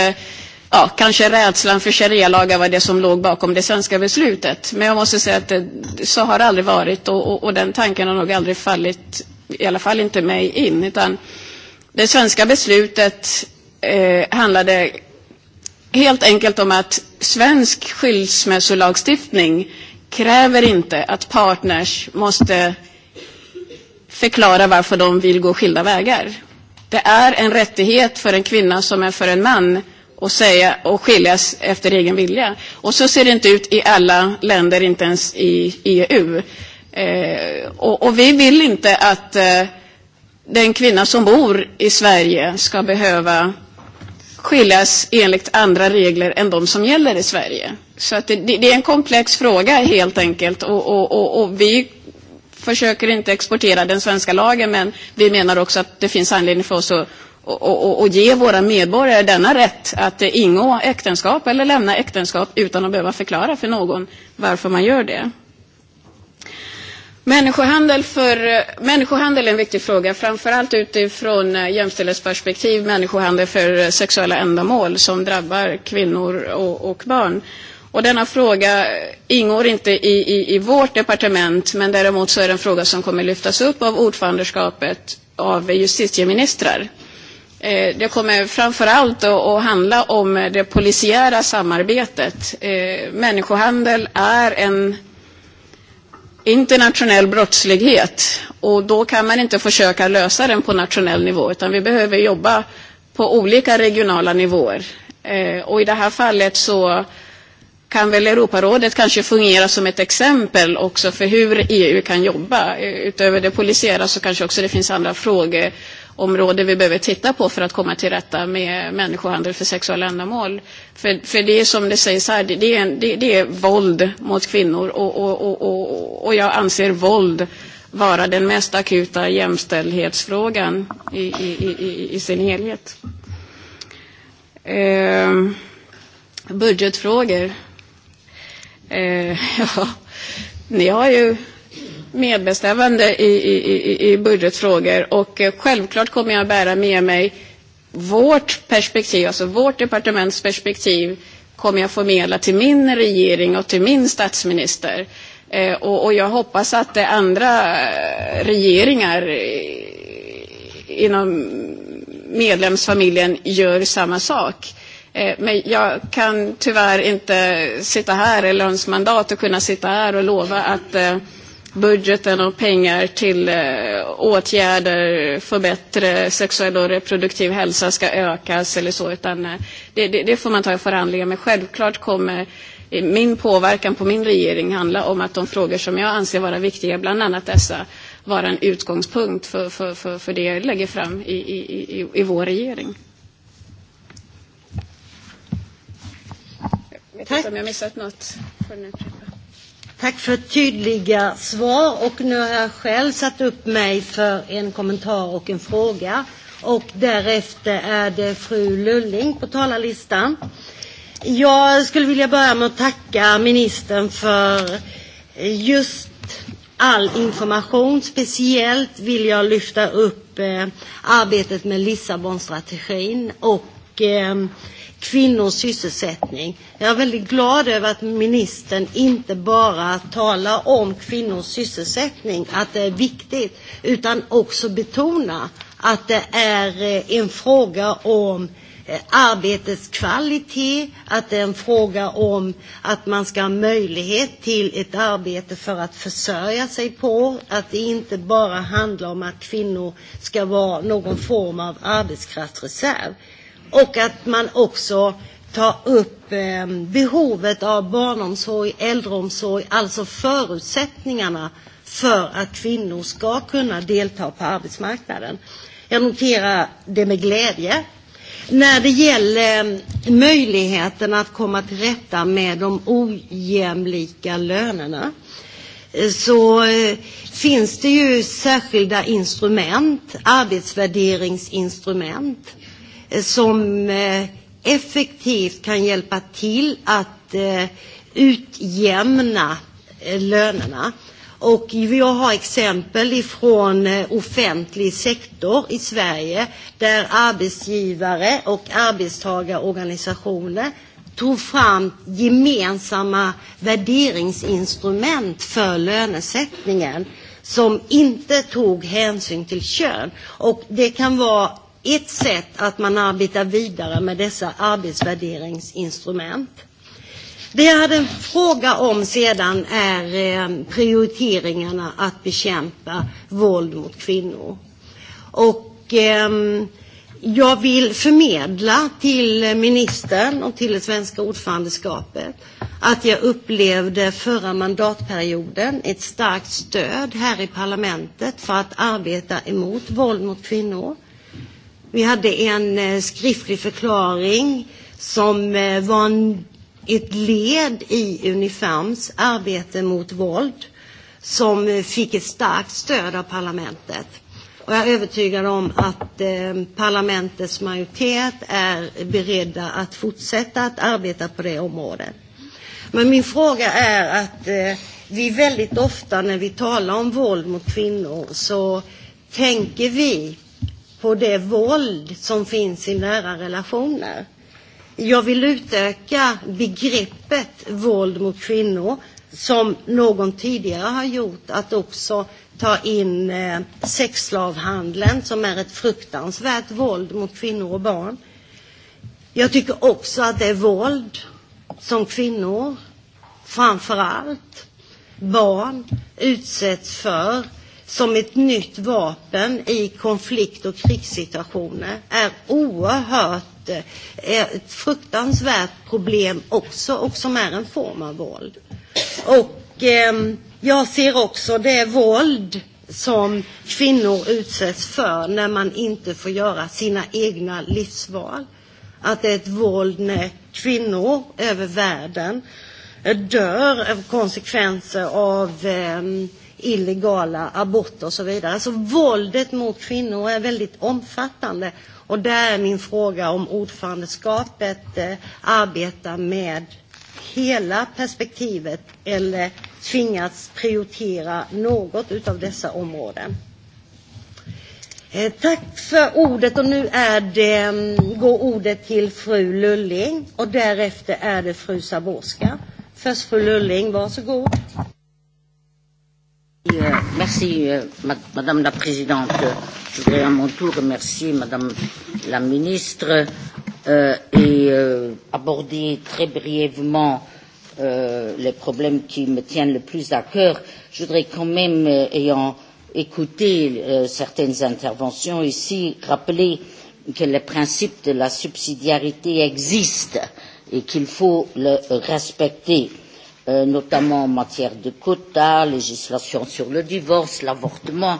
ja, kanske rädslan för sharia-lagar var det som låg bakom det svenska beslutet. Men jag måste säga att det, så har det aldrig varit och, och, och den tanken har nog aldrig fallit, i alla fall inte mig in. Utan det svenska beslutet eh, handlade helt enkelt om att svensk skilsmässolagstiftning kräver inte att partners måste förklara varför de vill gå skilda vägar. Det är en rättighet för en kvinna som är för en man att säga, och skiljas efter egen vilja. Och så ser det inte ut i alla länder, inte ens i EU. Eh, och, och vi vill inte att eh, den kvinna som bor i Sverige ska behöva skiljas enligt andra regler än de som gäller i Sverige. Så att det, det är en komplex fråga helt enkelt och, och, och, och vi försöker inte exportera den svenska lagen, men vi menar också att det finns anledning för oss att och, och ge våra medborgare denna rätt att ingå äktenskap eller lämna äktenskap utan att behöva förklara för någon varför man gör det. Människohandel, för, människohandel är en viktig fråga, framförallt utifrån jämställdhetsperspektiv. Människohandel för sexuella ändamål som drabbar kvinnor och, och barn. Och denna fråga ingår inte i, i, i vårt departement men däremot så är det en fråga som kommer lyftas upp av ordförandeskapet av justitieministrar. Det kommer framförallt att handla om det polisiära samarbetet. Människohandel är en internationell brottslighet och då kan man inte försöka lösa den på nationell nivå utan vi behöver jobba på olika regionala nivåer. Och i det här fallet så kan väl Europarådet kanske fungera som ett exempel också för hur EU kan jobba. Utöver det polisiära så kanske också det finns andra frågeområden vi behöver titta på för att komma till rätta med människohandel för sexuella ändamål. För, för det är som det sägs här, det, det, är, det, det är våld mot kvinnor och, och, och, och, och jag anser våld vara den mest akuta jämställdhetsfrågan i, i, i, i sin helhet. Eh, budgetfrågor ja, ni har ju medbestämmande i, i, i budgetfrågor och självklart kommer jag bära med mig vårt perspektiv, alltså vårt departements perspektiv kommer jag förmedla till min regering och till min statsminister. Och, och jag hoppas att det andra regeringar inom medlemsfamiljen gör samma sak. Men jag kan tyvärr inte sitta här eller ens mandat att kunna sitta här och lova att budgeten och pengar till åtgärder för bättre sexuell och reproduktiv hälsa ska ökas eller så, utan det, det, det får man ta i förhandlingar. Men självklart kommer min påverkan på min regering handla om att de frågor som jag anser vara viktiga, bland annat dessa, vara en utgångspunkt för, för, för, för det jag lägger fram i, i, i, i vår regering. om jag missat något. Tack för tydliga svar och nu har jag själv satt upp mig för en kommentar och en fråga. Och därefter är det fru Lulling på talarlistan. Jag skulle vilja börja med att tacka ministern för just all information. Speciellt vill jag lyfta upp eh, arbetet med Lissabonstrategin och eh, kvinnors sysselsättning. Jag är väldigt glad över att ministern inte bara talar om kvinnors sysselsättning, att det är viktigt, utan också betonar att det är en fråga om arbetets kvalitet, att det är en fråga om att man ska ha möjlighet till ett arbete för att försörja sig på, att det inte bara handlar om att kvinnor ska vara någon form av arbetskraftsreserv och att man också tar upp eh, behovet av barnomsorg, äldreomsorg, alltså förutsättningarna för att kvinnor ska kunna delta på arbetsmarknaden. Jag noterar det med glädje. När det gäller möjligheten att komma till rätta med de ojämlika lönerna så finns det ju särskilda instrument, arbetsvärderingsinstrument som effektivt kan hjälpa till att utjämna lönerna. Och jag har exempel från offentlig sektor i Sverige där arbetsgivare och arbetstagarorganisationer tog fram gemensamma värderingsinstrument för lönesättningen som inte tog hänsyn till kön. Och det kan vara ett sätt att man arbetar vidare med dessa arbetsvärderingsinstrument. Det jag hade en fråga om sedan är prioriteringarna att bekämpa våld mot kvinnor. Och jag vill förmedla till ministern och till det svenska ordförandeskapet att jag upplevde förra mandatperioden ett starkt stöd här i parlamentet för att arbeta emot våld mot kvinnor. Vi hade en skriftlig förklaring som var en, ett led i Unifams arbete mot våld som fick ett starkt stöd av parlamentet. Och jag är övertygad om att eh, parlamentets majoritet är beredda att fortsätta att arbeta på det området. Men min fråga är att eh, vi väldigt ofta när vi talar om våld mot kvinnor så tänker vi på det våld som finns i nära relationer. Jag vill utöka begreppet våld mot kvinnor, som någon tidigare har gjort, att också ta in sexslavhandeln som är ett fruktansvärt våld mot kvinnor och barn. Jag tycker också att det är våld som kvinnor, framför allt barn, utsätts för som ett nytt vapen i konflikt och krigssituationer är oerhört ett fruktansvärt problem också och som är en form av våld. Och eh, jag ser också det våld som kvinnor utsätts för när man inte får göra sina egna livsval. Att det är ett våld när kvinnor över världen dör av konsekvenser av eh, illegala aborter och så vidare. Alltså våldet mot kvinnor är väldigt omfattande. Och där är min fråga om ordförandeskapet eh, arbetar med hela perspektivet eller tvingats prioritera något utav dessa områden. Tack för ordet och nu är det, går ordet till fru Lulling och därefter är det fru Saborska. Först fru Lulling, varsågod. Merci, Madame la Présidente. Je voudrais à mon tour remercier Madame la Ministre et aborder très brièvement les problèmes qui me tiennent le plus à cœur. Je voudrais quand même, ayant écouté certaines interventions ici, rappeler que le principe de la subsidiarité existe et qu'il faut le respecter notamment en matière de quotas, législation sur le divorce, l'avortement,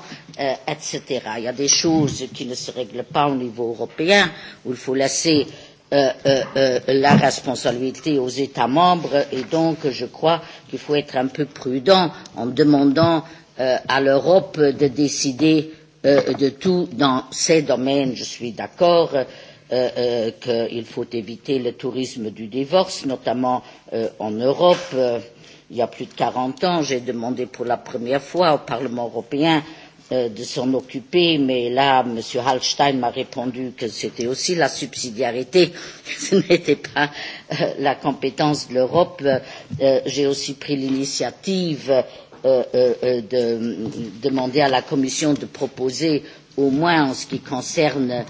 etc. Il y a des choses qui ne se règlent pas au niveau européen, où il faut laisser la responsabilité aux États membres et donc je crois qu'il faut être un peu prudent en demandant à l'Europe de décider de tout dans ces domaines. Je suis d'accord euh, qu'il faut éviter le tourisme du divorce, notamment en Europe. il y a plus de quarante ans, j'ai demandé pour la première fois au Parlement européen de s'en occuper, mais là, M. Hallstein m'a répondu que c'était aussi la subsidiarité, que ce n'était pas la compétence de l'Europe. J'ai aussi pris l'initiative de demander à la Commission de proposer, au moins en ce qui concerne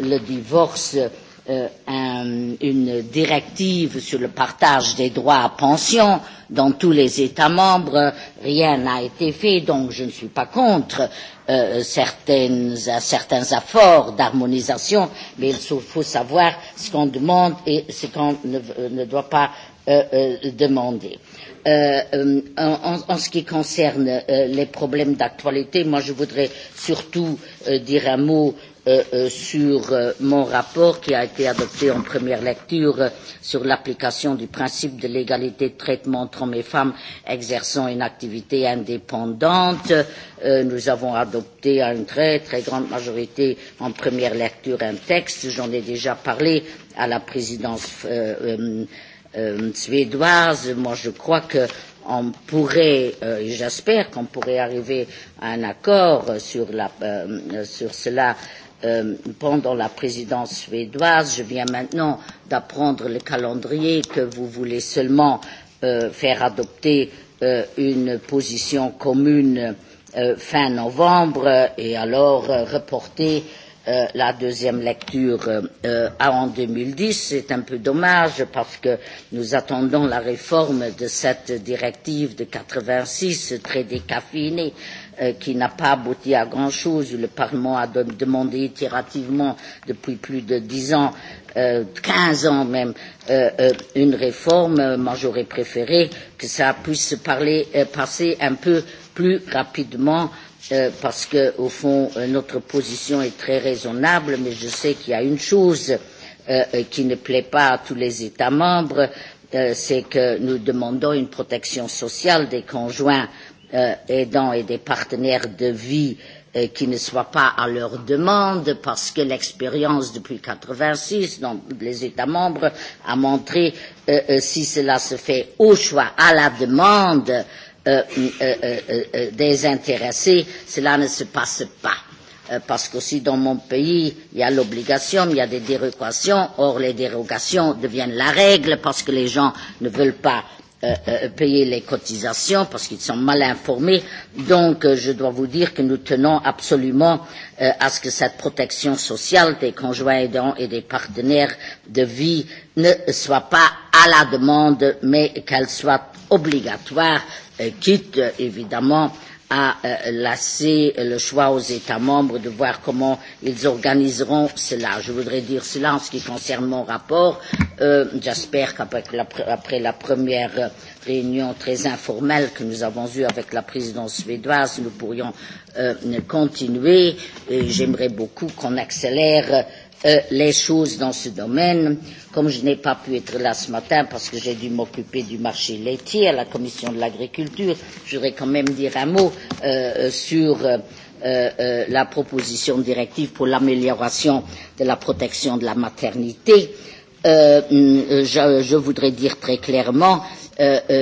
le divorce une directive sur le partage des droits à pension dans tous les États membres. Rien n'a été fait, donc je ne suis pas contre certaines, certains efforts d'harmonisation, mais il faut savoir ce qu'on demande et ce qu'on ne, ne doit pas demander. en, en ce qui concerne les problèmes d'actualité, moi je voudrais surtout dire un mot sur mon rapport qui a été adopté en première lecture sur l'application du principe de l'égalité de traitement entre hommes et femmes exerçant une activité indépendante. nous avons adopté à une très très grande majorité en première lecture un texte, j'en ai déjà parlé à la présidence suédoise. Moi je crois que on pourrait, euh, j'espère qu'on pourrait arriver à un accord sur, la, euh, sur cela pendant la présidence suédoise. Je viens maintenant d'apprendre le calendrier que vous voulez seulement faire adopter une position commune fin novembre et alors reporter la deuxième lecture en deux mille dix. C'est un peu dommage parce que nous attendons la réforme de cette directive de quatre-vingt-six très décaféinée qui n'a pas abouti à grand-chose. Le Parlement a demandé itérativement depuis plus de dix ans, quinze ans même, une réforme. Moi, j'aurais préféré que cela puisse passer un peu plus rapidement parce que, au fond, notre position est très raisonnable, mais je sais qu'il y a une chose qui ne plaît pas à tous les États membres, c'est que nous demandons une protection sociale des conjoints euh, aidants et des partenaires de vie euh, qui ne soient pas à leur demande, parce que l'expérience depuis 1986 dans les États membres a montré euh, euh, si cela se fait au choix, à la demande euh, euh, euh, euh, des intéressés, cela ne se passe pas parce qu'aussi dans mon pays, il y a l'obligation, il y a des dérogations. Or, les dérogations deviennent la règle parce que les gens ne veulent pas payer les cotisations parce qu'ils sont mal informés. Donc, je dois vous dire que nous tenons absolument à ce que cette protection sociale des conjoints aidants et des partenaires de vie ne soit pas à la demande, mais qu'elle soit obligatoire, quitte évidemment à laisser le choix aux États membres de voir comment ils organiseront cela. Je voudrais dire cela en ce qui concerne mon rapport. J'espère qu'après la première réunion très informelle que nous avons eue avec la présidence suédoise, nous pourrions continuer. et J'aimerais beaucoup qu'on accélère les choses dans ce domaine. Comme je n'ai pas pu être là ce matin parce que j'ai dû m'occuper du marché laitier à la commission de l'agriculture, je voudrais quand même dire un mot sur la proposition de directive pour l'amélioration de la protection de la maternité. je, voudrais dire très clairement,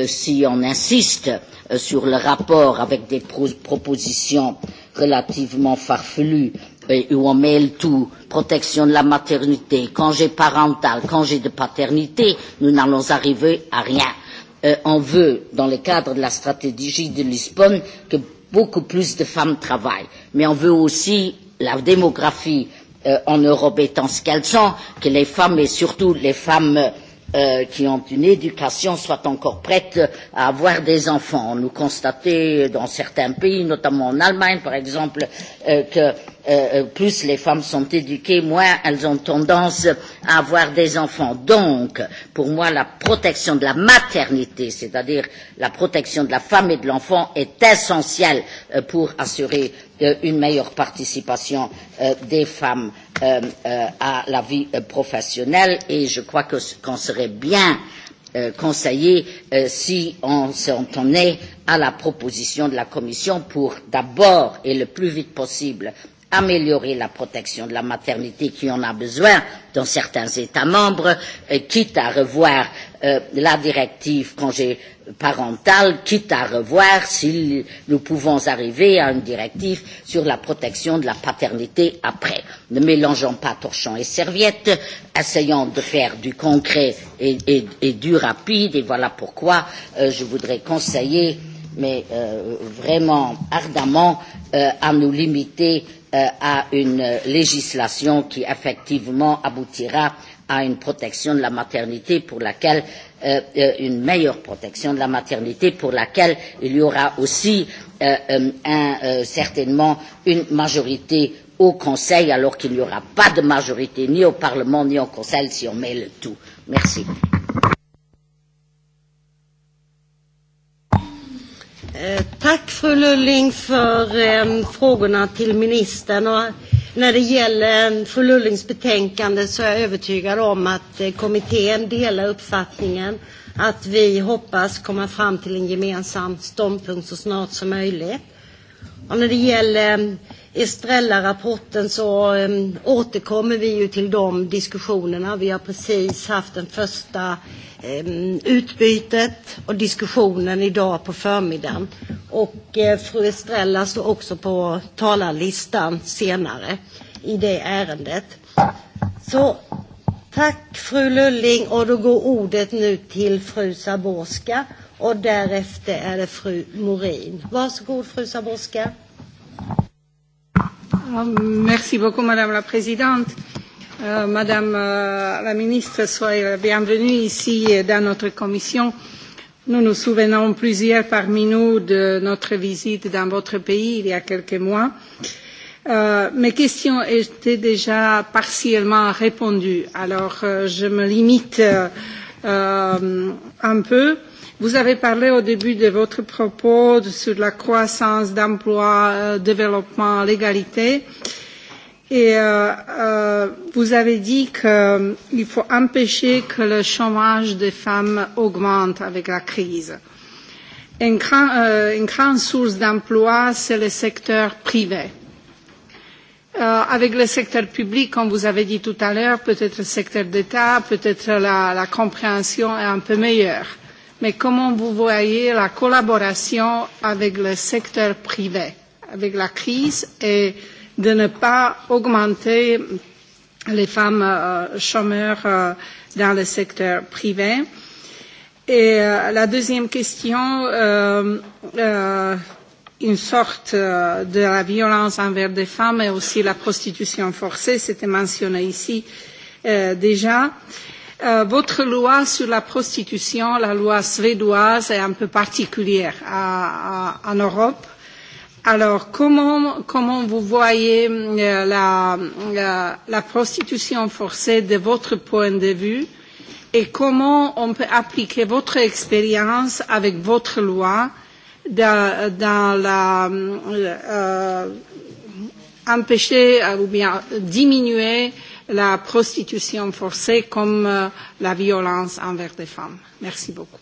si on insiste sur le rapport avec des propositions relativement farfelues où on mêle tout, protection de la maternité, congé parental, congé de paternité, nous n'allons arriver à rien. Euh, on veut, dans le cadre de la stratégie de Lisbonne, que beaucoup plus de femmes travaillent. Mais on veut aussi la démographie euh, en Europe étant ce qu'elles sont, que les femmes et surtout les femmes euh, qui ont une éducation soient encore prêtes à avoir des enfants. Nous constatons dans certains pays, notamment en Allemagne par exemple, que plus les femmes sont éduquées, moins elles ont tendance à avoir des enfants. Donc, pour moi, la protection de la maternité, c'est-à-dire la protection de la femme et de l'enfant, est essentielle euh, pour assurer euh, une meilleure participation euh, des femmes euh, euh, à la vie euh, professionnelle. Et je crois que qu'on serait bien conseiller si on s'en tenait à la proposition de la Commission pour d'abord et le plus vite possible améliorer la protection de la maternité qui en a besoin dans certains États membres, quitte à revoir la directive congé parental, quitte à revoir si nous pouvons arriver à une directive sur la protection de la paternité après. Ne mélangeons pas torchons et serviettes, essayons de faire du concret et, et, et du rapide, et voilà pourquoi euh, je voudrais conseiller mais euh, vraiment ardemment euh, à nous limiter à une législation qui effectivement aboutira à une protection de la maternité pour laquelle une meilleure protection de la maternité pour laquelle il y aura aussi certainement une majorité au Conseil alors qu'il n'y aura pas de majorité ni au Parlement ni au Conseil si on met le tout. Merci. Tack fru Lulling för frågorna till ministern. Och när det gäller fru Lullings betänkande så är jag övertygad om att kommittén delar uppfattningen att vi hoppas komma fram till en gemensam ståndpunkt så snart som möjligt. Och när det gäller Estrella-rapporten så um, återkommer vi ju till de diskussionerna. Vi har precis haft den första um, utbytet och diskussionen idag på förmiddagen. Och uh, fru Estrella står också på talarlistan senare i det ärendet. Så tack fru Lulling och då går ordet nu till fru Saborska och därefter är det fru Morin. Varsågod fru Saborska. Merci beaucoup, Madame la Présidente. Madame la Ministre, soyez la bienvenue ici dans notre commission. Nous nous souvenons plusieurs parmi nous de notre visite dans votre pays il y a quelques mois. mes questions étaient déjà partiellement répondues, alors je me limite un peu. Euh, Vous avez parlé au début de votre propos sur la croissance, d'emploi, développement, l'égalité. Et vous avez dit qu'il faut empêcher que le chômage des femmes augmente avec la crise. Une, grande source d'emploi, c'est le secteur privé. avec le secteur public, comme vous avez dit tout à l'heure, peut-être le secteur d'État, peut-être la, compréhension est un peu meilleure mais comment vous voyez la collaboration avec le secteur privé, avec la crise, et de ne pas augmenter les femmes euh, chômeurs euh, dans le secteur privé. Et euh, la deuxième question, euh, euh, une sorte euh, de la violence envers des femmes et aussi la prostitution forcée, c'était mentionné ici euh, déjà. Euh, votre loi sur la prostitution, la loi suédoise, est un peu particulière en Europe. Alors, comment, comment vous voyez la, la, la prostitution forcée de votre point de vue et comment on peut appliquer votre expérience avec votre loi dans, dans la, euh, empêcher ou bien diminuer la prostitution forcée comme la violence envers les femmes. Merci beaucoup.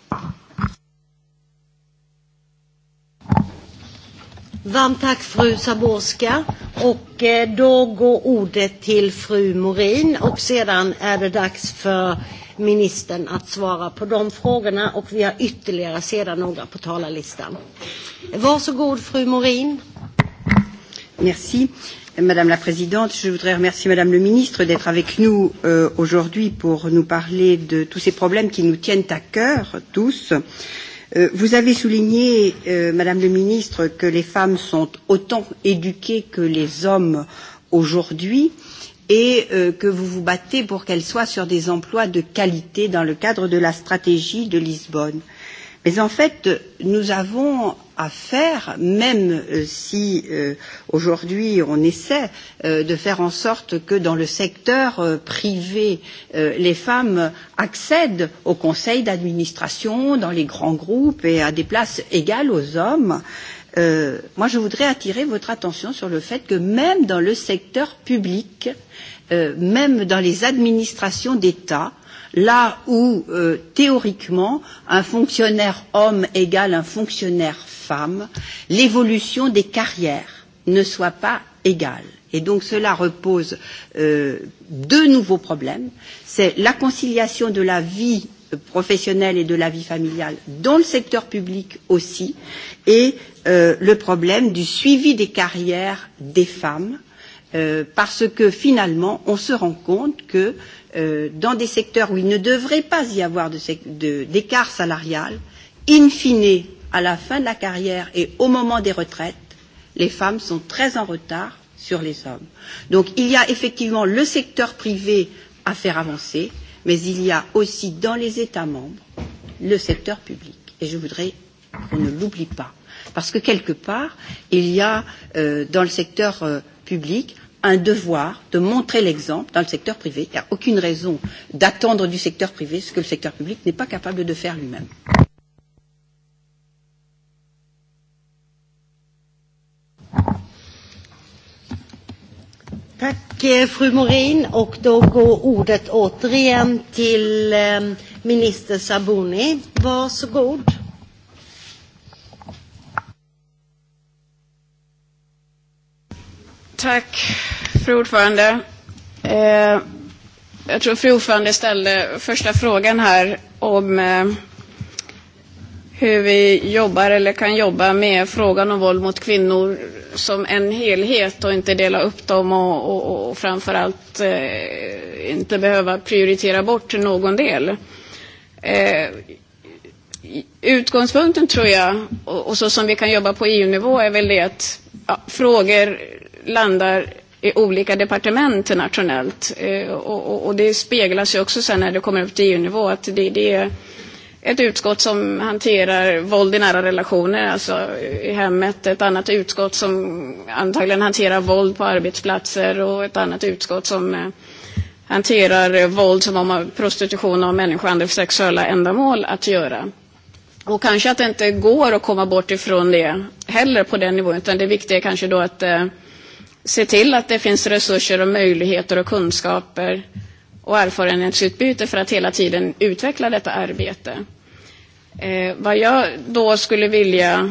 Varmt tack fru Saborska och då går ordet till fru Morin och sedan är det dags för ministern att svara på de frågorna och vi har ytterligare sedan några på talarlistan. Varsågod fru Morin. Madame la Présidente, je voudrais remercier Madame le Ministre d'être avec nous aujourd'hui pour nous parler de tous ces problèmes qui nous tiennent à cœur tous. vous avez souligné, Madame le Ministre, que les femmes sont autant éduquées que les hommes aujourd'hui et que vous vous battez pour qu'elles soient sur des emplois de qualité dans le cadre de la stratégie de Lisbonne. Mais en fait, nous avons à faire, même si aujourd'hui on essaie de faire en sorte que dans le secteur privé, les femmes accèdent aux conseils d'administration, dans les grands groupes et à des places égales aux hommes. moi, je voudrais attirer votre attention sur le fait que même dans le secteur public, même dans les administrations d'État, là où euh, théoriquement un fonctionnaire homme égale un fonctionnaire femme, l'évolution des carrières ne soit pas égale. Et donc cela repose euh, deux nouveaux problèmes. C'est la conciliation de la vie professionnelle et de la vie familiale dans le secteur public aussi, et euh, le problème du suivi des carrières des femmes parce que finalement, on se rend compte que dans des secteurs où il ne devrait pas y avoir d'écart salarial, in fine, à la fin de la carrière et au moment des retraites, les femmes sont très en retard sur les hommes. Donc il y a effectivement le secteur privé à faire avancer, mais il y a aussi dans les États membres le secteur public. Et je voudrais qu'on ne l'oublie pas. Parce que quelque part, il y a euh, dans le secteur euh, public un devoir de montrer l'exemple dans le secteur privé. Il n'y a aucune raison d'attendre du secteur privé ce que le secteur public n'est pas capable de faire lui-même. Tack fru Morin och då går ordet återigen till minister Saboni. Varsågod. Tack, fru ordförande. Eh, jag tror fru ordförande ställde första frågan här om eh, hur vi jobbar eller kan jobba med frågan om våld mot kvinnor som en helhet och inte dela upp dem och, och, och framförallt eh, inte behöva prioritera bort någon del. Eh, utgångspunkten tror jag, och, och så som vi kan jobba på EU-nivå, är väl det att ja, frågor landar i olika departement nationellt. Och, och det speglas ju också sen när det kommer upp till EU-nivå att det, det är ett utskott som hanterar våld i nära relationer, alltså i hemmet, ett annat utskott som antagligen hanterar våld på arbetsplatser och ett annat utskott som hanterar våld som har med prostitution och människohandel för sexuella ändamål att göra. Och kanske att det inte går att komma bort ifrån det heller på den nivån, utan det viktiga är kanske då att eh, se till att det finns resurser och möjligheter och kunskaper och erfarenhetsutbyte för att hela tiden utveckla detta arbete. Eh, vad jag då skulle vilja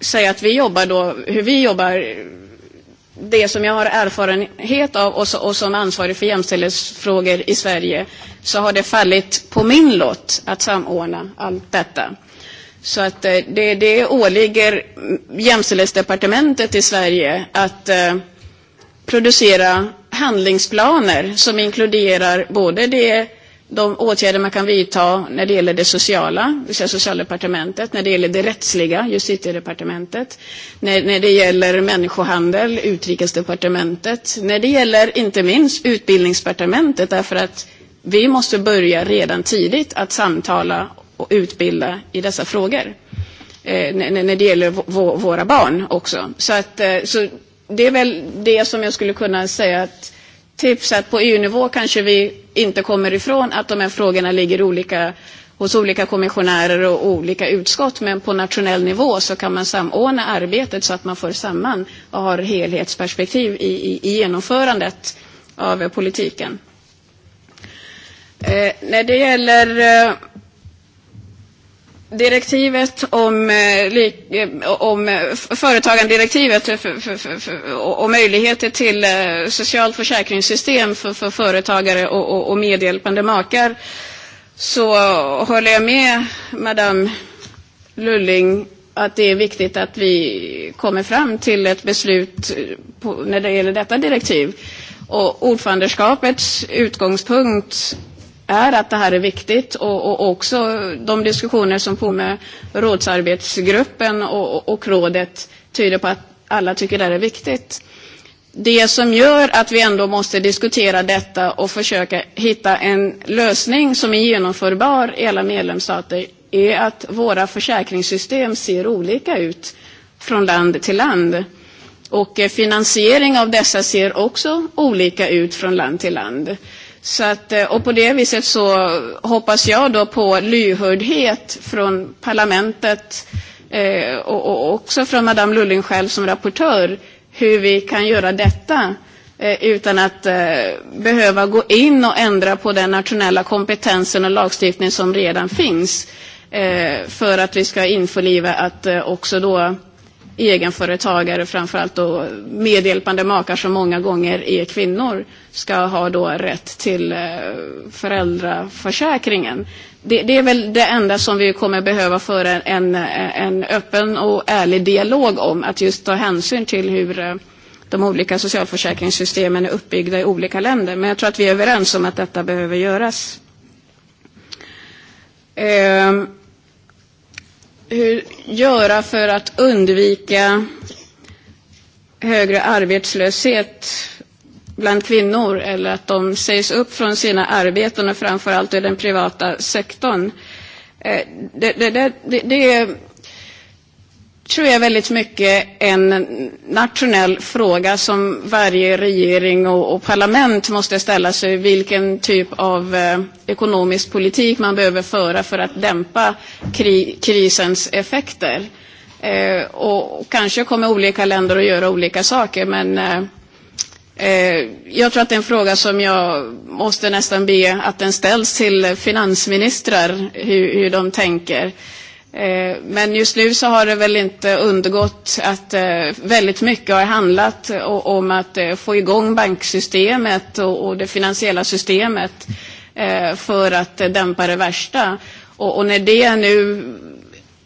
säga att vi jobbar då, hur vi jobbar, det som jag har erfarenhet av och, så, och som ansvarig för jämställdhetsfrågor i Sverige, så har det fallit på min lott att samordna allt detta. Så att det, det åligger jämställdhetsdepartementet i Sverige att producera handlingsplaner som inkluderar både det, de åtgärder man kan vidta när det gäller det sociala, det socialdepartementet, när det gäller det rättsliga, justitiedepartementet, när, när det gäller människohandel, utrikesdepartementet, när det gäller inte minst utbildningsdepartementet därför att vi måste börja redan tidigt att samtala och utbilda i dessa frågor när det gäller våra barn också. Så, att, så det är väl det som jag skulle kunna säga att tips att på EU-nivå kanske vi inte kommer ifrån att de här frågorna ligger olika hos olika kommissionärer och olika utskott men på nationell nivå så kan man samordna arbetet så att man får samman och har helhetsperspektiv i, i, i genomförandet av politiken. Eh, när det gäller direktivet om, om företagandirektivet för, för, för, för, och möjligheter till socialt försäkringssystem för, för företagare och, och, och medhjälpande makar så håller jag med madame Lulling att det är viktigt att vi kommer fram till ett beslut på, när det gäller detta direktiv. Och ordförandeskapets utgångspunkt är att det här är viktigt och, och också de diskussioner som får med rådsarbetsgruppen och, och rådet tyder på att alla tycker det här är viktigt. Det som gör att vi ändå måste diskutera detta och försöka hitta en lösning som är genomförbar i alla medlemsstater är att våra försäkringssystem ser olika ut från land till land. Och finansiering av dessa ser också olika ut från land till land. Så att, och på det viset så hoppas jag då på lyhördhet från parlamentet eh, och, och också från Madame Lulling själv som rapportör hur vi kan göra detta eh, utan att eh, behöva gå in och ändra på den nationella kompetensen och lagstiftning som redan finns eh, för att vi ska införliva att eh, också då egenföretagare, framförallt då medhjälpande makar som många gånger är kvinnor, ska ha då rätt till föräldraförsäkringen. Det, det är väl det enda som vi kommer behöva för en, en öppen och ärlig dialog om, att just ta hänsyn till hur de olika socialförsäkringssystemen är uppbyggda i olika länder. Men jag tror att vi är överens om att detta behöver göras. Eh, hur, göra för att undvika högre arbetslöshet bland kvinnor eller att de sägs upp från sina arbeten och framförallt i den privata sektorn. Det, det, det, det är tror jag väldigt mycket en nationell fråga som varje regering och, och parlament måste ställa sig. Vilken typ av eh, ekonomisk politik man behöver föra för att dämpa kri krisens effekter. Eh, och kanske kommer olika länder att göra olika saker, men eh, Jag tror att det är en fråga som jag måste nästan be att den ställs till finansministrar, hur, hur de tänker. Men just nu så har det väl inte undgått att väldigt mycket har handlat om att få igång banksystemet och det finansiella systemet för att dämpa det värsta. Och när det nu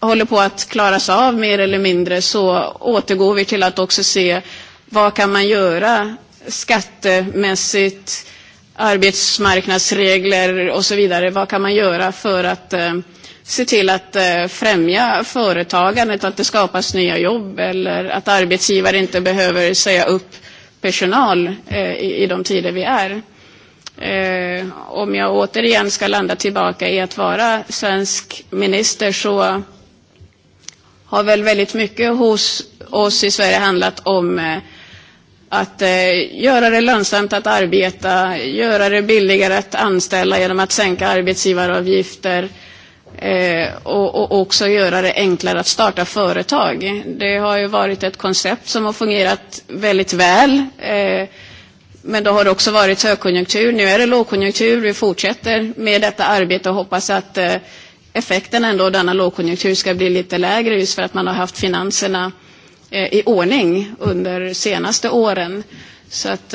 håller på att klaras av mer eller mindre så återgår vi till att också se vad kan man göra skattemässigt, arbetsmarknadsregler och så vidare. Vad kan man göra för att eh, se till att främja företagandet, att det skapas nya jobb eller att arbetsgivare inte behöver säga upp personal i de tider vi är. Om jag återigen ska landa tillbaka i att vara svensk minister så har väl väldigt mycket hos oss i Sverige handlat om att göra det lönsamt att arbeta, göra det billigare att anställa genom att sänka arbetsgivaravgifter, och, också göra det enklare att starta företag. Det har ju varit ett koncept som har fungerat väldigt väl. men då har det också varit högkonjunktur. Nu är det lågkonjunktur. Vi fortsätter med detta arbete och hoppas att effekten ändå av denna lågkonjunktur ska bli lite lägre just för att man har haft finanserna i ordning under de senaste åren. Så att,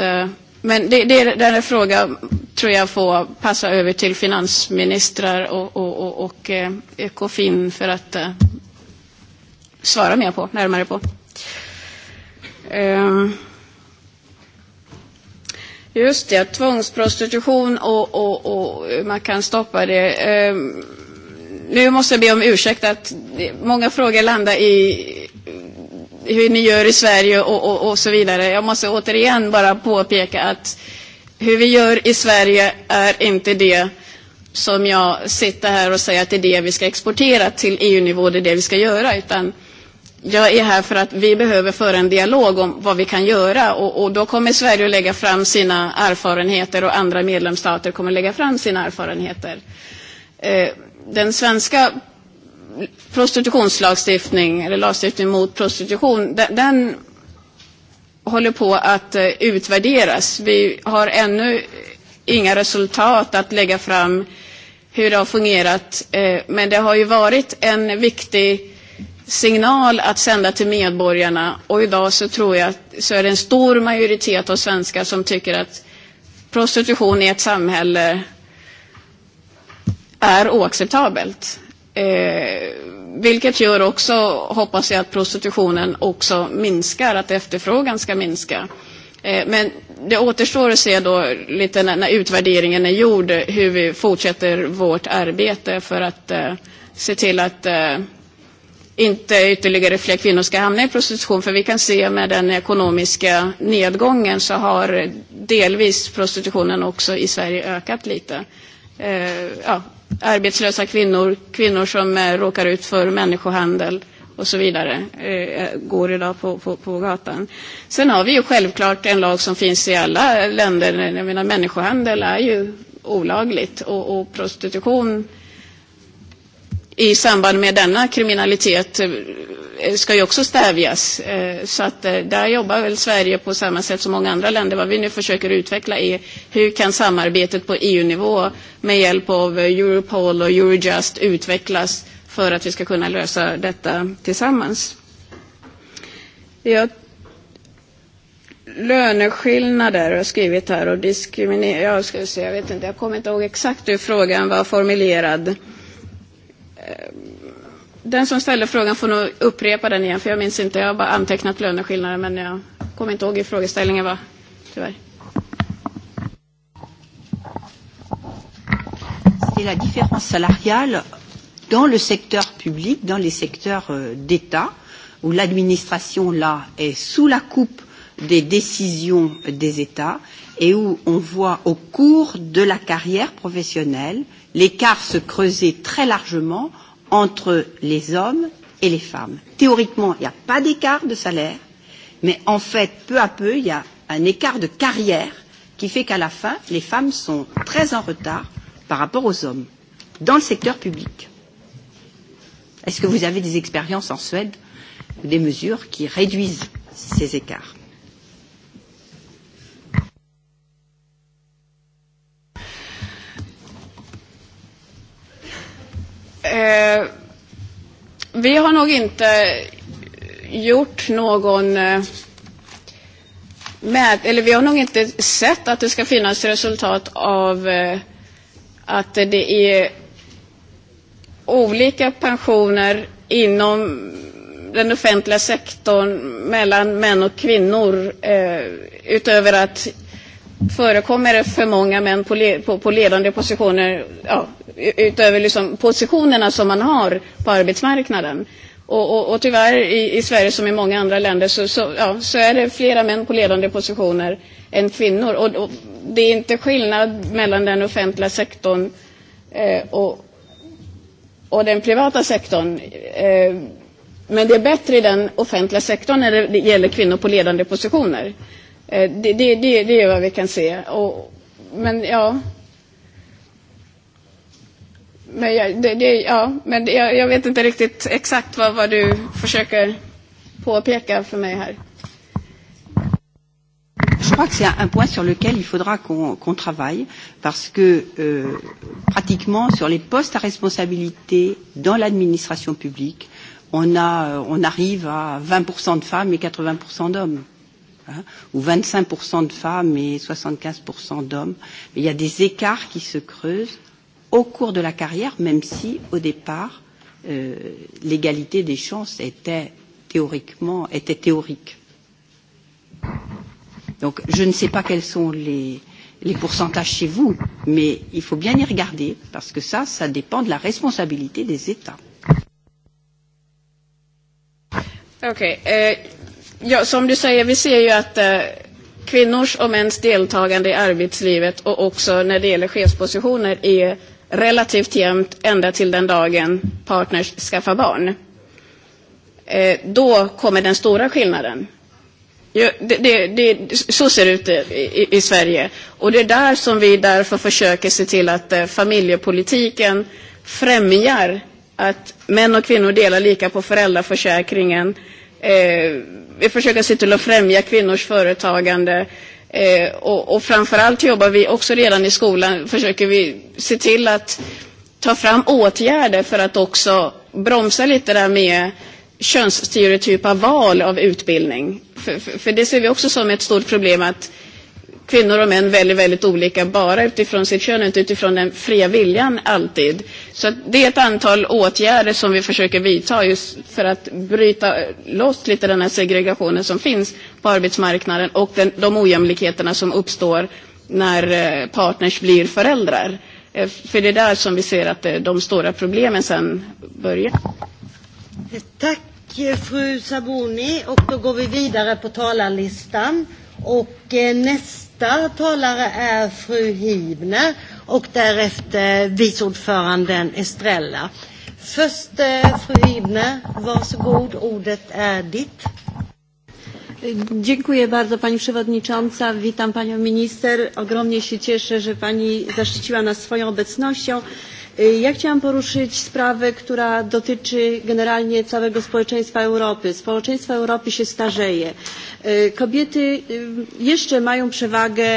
Men det, det, den här frågan tror jag får passa över till finansministrar och, och, och, och för att eh, svara mer på, närmare på. Eh, just det, tvångsprostitution och, och, och man kan stoppa det. Eh, nu måste jag be om ursäkt att många frågor landar i hur ni gör i Sverige och, och, och så vidare. Jag måste återigen bara påpeka att hur vi gör i Sverige är inte det som jag sitter här och säger att det är det vi ska exportera till EU-nivå, det är det vi ska göra. Utan jag är här för att vi behöver föra en dialog om vad vi kan göra och, och då kommer Sverige att lägga fram sina erfarenheter och andra medlemsstater kommer att lägga fram sina erfarenheter. Den svenska prostitutionslagstiftning, eller lagstiftning mot prostitution, den, den håller på att utvärderas. Vi har ännu inga resultat att lägga fram hur det har fungerat, men det har ju varit en viktig signal att sända till medborgarna och idag så tror jag att så är det en stor majoritet av svenskar som tycker att prostitution i ett samhälle är oacceptabelt. Eh, vilket gör också, hoppas jag, att prostitutionen också minskar, att efterfrågan ska minska. Eh, men det återstår att se då lite när, när utvärderingen är gjord hur vi fortsätter vårt arbete för att eh, se till att eh, inte ytterligare fler kvinnor ska hamna i prostitution. För vi kan se med den ekonomiska nedgången så har delvis prostitutionen också i Sverige ökat lite. Eh, ja, arbetslösa kvinnor, kvinnor som råkar ut för människohandel och så vidare eh, går idag på, på, på gatan. Sen har vi ju självklart en lag som finns i alla länder. Jag menar, människohandel är ju olagligt och, och prostitution i samband med denna kriminalitet ska ju också stävjas. Så att där jobbar väl Sverige på samma sätt som många andra länder. Vad vi nu försöker utveckla är hur kan samarbetet på EU-nivå med hjälp av Europol och Eurojust utvecklas för att vi ska kunna lösa detta tillsammans. Ja. löneskillnader har jag skrivit här och diskriminering. Jag, ska se, jag, vet inte, jag kommer inte ihåg exakt hur frågan var formulerad. Eh, Den som ställde frågan får nog upprepa den igen, för jag minns inte. Jag har bara antecknat löneskillnader, men jag kommer inte ihåg hur frågeställningen var, tyvärr. Det la différence salariale dans le secteur public, dans les secteurs d'État, où l'administration, là, est sous la coupe des décisions des États et où on voit au cours de la carrière professionnelle euh, l'écart se creusait très largement entre les hommes et les femmes. Théoriquement, il n'y a pas d'écart de salaire, mais en fait, peu à peu, il y a un écart de carrière qui fait qu'à la fin, les femmes sont très en retard par rapport aux hommes dans le secteur public. Est-ce que vous avez des expériences en Suède ou des mesures qui réduisent ces écarts Eh, vi har nog inte gjort någon eh, med, eller vi har nog inte sett att det ska finnas resultat av eh, att det är olika pensioner inom den offentliga sektorn mellan män och kvinnor eh, utöver att förekommer det för många män på, le, på, på ledande positioner, ja, utöver liksom positionerna som man har på arbetsmarknaden. Och, och, och tyvärr i, i Sverige som i många andra länder så, så, ja, så är det flera män på ledande positioner än kvinnor. Och, och det är inte skillnad mellan den offentliga sektorn eh, och, och den privata sektorn. Eh, men det är bättre i den offentliga sektorn när det gäller kvinnor på ledande positioner. Eh, det, det, det, det är vad vi kan se. Och, men ja... Men jag, det, det, ja, men jag, jag vet inte riktigt exakt vad, vad du försöker påpeka för mig här. Je crois que c'est un point sur lequel il faudra qu'on qu travaille parce que euh, pratiquement sur les postes à responsabilité dans l'administration publique, on, a, on arrive à 20% de femmes et 80% d'hommes hein, ou 25% de femmes et 75% d'hommes. Mais il y a des écarts qui se creusent au cours de la carrière, même si au départ, euh, l'égalité des chances était théoriquement était théorique. Donc je ne sais pas quels sont les, les pourcentages chez vous, mais il faut bien y regarder parce que ça, ça dépend de la responsabilité des États. Okej, eh, ja, som du säger, vi ser ju att eh, kvinnors och mäns deltagande i arbetslivet och också när det gäller chefspositioner är relativt jämnt ända till den dagen partners skaffar barn. då kommer den stora skillnaden. Ja, det, det, det, så ser det ut i, i Sverige. Och det är där som vi därför försöker se till att eh, familjepolitiken främjar att män och kvinnor delar lika på föräldraförsäkringen. Eh, vi försöker se till att främja kvinnors företagande. Eh, och, och framförallt jobbar vi också redan i skolan, försöker vi se till att ta fram åtgärder för att också bromsa lite där med könsstereotypa val av utbildning. För, för, för det ser vi också som ett stort problem att kvinnor och män väldigt, väldigt olika bara utifrån sitt kön, inte utifrån den fria viljan alltid. Så det är ett antal åtgärder som vi försöker vidta just för att bryta loss lite den här segregationen som finns på arbetsmarknaden och den, de ojämlikheterna som uppstår när partners blir föräldrar. För det är där som vi ser att de stora problemen sen börjar. Tack fru Saboni och då går vi vidare på talarlistan. Och eh, nästa talare är fru Hibner och därefter vice ordföranden Estrella. Först eh, fru Hibner, varsågod, ordet är ditt. Dziękuję bardzo Pani Przewodnicząca. Witam Panią Minister. Ogromnie się cieszę, że Pani zaszczyciła nas swoją obecnością. Ja chciałam poruszyć sprawę, która dotyczy generalnie całego społeczeństwa Europy. Społeczeństwo Europy się starzeje. Kobiety jeszcze mają przewagę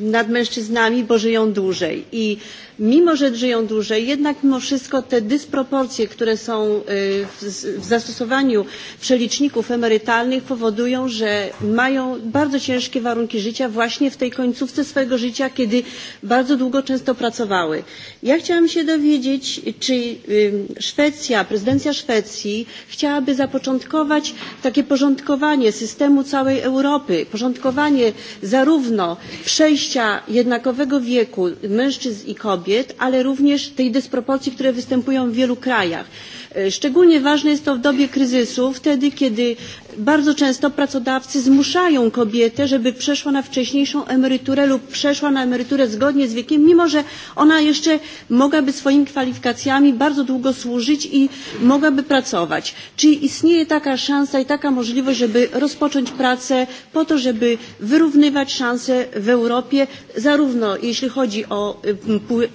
nad mężczyznami, bo żyją dłużej. I mimo że żyją dłużej, jednak mimo wszystko te dysproporcje, które są w zastosowaniu przeliczników emerytalnych powodują, że mają bardzo ciężkie warunki życia właśnie w tej końcówce swojego życia, kiedy bardzo długo często pracowały. Ja chciałam się dowiedzieć, czy Szwecja, prezydencja Szwecji chciałaby zapoczątkować takie porządkowanie systemu całej Europy, porządkowanie zarówno przejścia jednakowego wieku mężczyzn i kobiet, kobiet, ale również tej dysproporcji, które występują w wielu krajach. Szczególnie ważne jest to w dobie kryzysu, wtedy kiedy bardzo często pracodawcy zmuszają kobietę, żeby przeszła na wcześniejszą emeryturę lub przeszła na emeryturę zgodnie z wiekiem, mimo że ona jeszcze mogłaby swoimi kwalifikacjami bardzo długo służyć i mogłaby pracować. Czy istnieje taka szansa i taka możliwość, żeby rozpocząć pracę po to, żeby wyrównywać szanse w Europie, zarówno jeśli chodzi o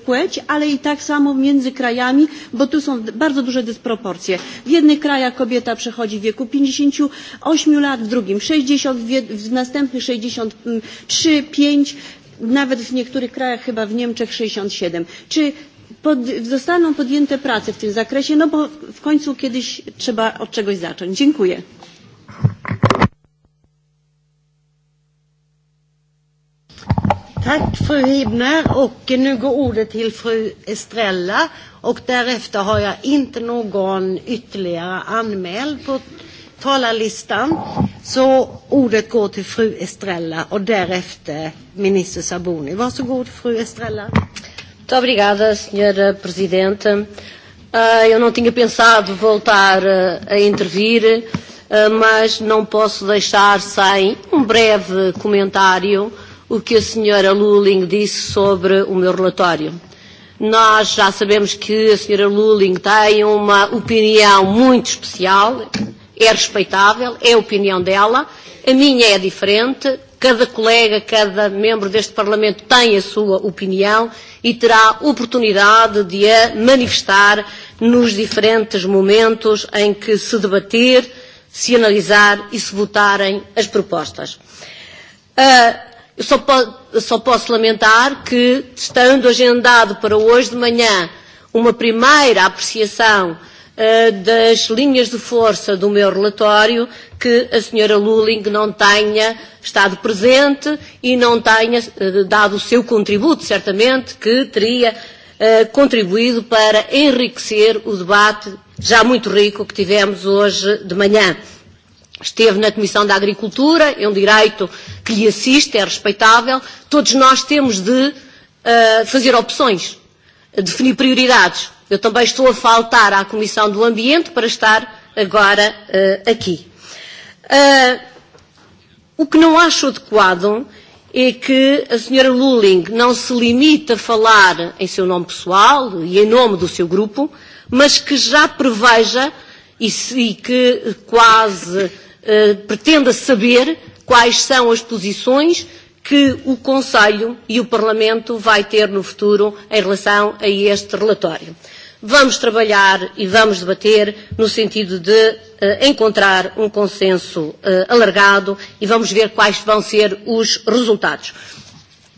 płeć, ale i tak samo między krajami, bo tu są bardzo duże dysproporcje dysproporcje. W jednych krajach kobieta przechodzi w wieku 58 lat, w drugim 60, w następnych 63, 5, nawet w niektórych krajach, chyba w Niemczech 67. Czy zostaną podjęte prace w tym zakresie? No bo w końcu kiedyś trzeba od czegoś zacząć. Dziękuję. Tack fru Hibner och nu går ordet till fru Estrella och därefter har jag inte någon ytterligare anmäld på talarlistan. Så ordet går till fru Estrella och därefter minister Saboni. Varsågod fru Estrella. Muito obrigada, senhora presidente. Uh, eu não tinha pensado voltar uh, a intervir, uh, mas não posso deixar sem um breve comentário uh, o que a senhora Luling disse sobre o meu relatório. Nós já sabemos que a senhora Luling tem uma opinião muito especial, é respeitável, é a opinião dela, a minha é diferente, cada colega, cada membro deste Parlamento tem a sua opinião e terá oportunidade de a manifestar nos diferentes momentos em que se debater, se analisar e se votarem as propostas. Uh, Eu só, po só posso lamentar que, estando agendado para hoje de manhã uma primeira apreciação uh, das linhas de força do meu relatório, que a senhora Luling não tenha estado presente e não tenha uh, dado o seu contributo, certamente, que teria contribuído para enriquecer o debate já muito rico que tivemos hoje de manhã esteve na Comissão da Agricultura, é um direito que lhe assiste, é respeitável. Todos nós temos de uh, fazer opções, definir prioridades. Eu também estou a faltar à Comissão do Ambiente para estar agora uh, aqui. Uh, o que não acho adequado é que a senhora Luling não se limite a falar em seu nome pessoal e em nome do seu grupo, mas que já preveja e, e que quase pretenda saber quais são as posições que o Conselho e o Parlamento vai ter no futuro em relação a este relatório. Vamos trabalhar e vamos debater no sentido de uh, encontrar um consenso uh, alargado e vamos ver quais vão ser os resultados.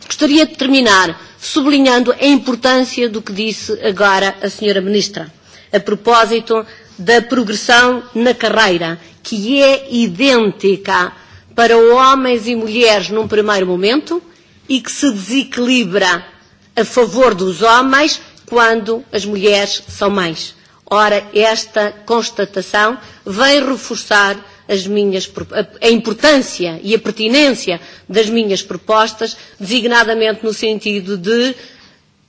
Gostaria de terminar sublinhando a importância do que disse agora a Sra. Ministra, a propósito da progressão na carreira, que é idêntica para homens e mulheres num primeiro momento e que se desequilibra a favor dos homens quando as mulheres são mães. Ora, esta constatação vem reforçar as minhas, a importância e a pertinência das minhas propostas, designadamente no sentido de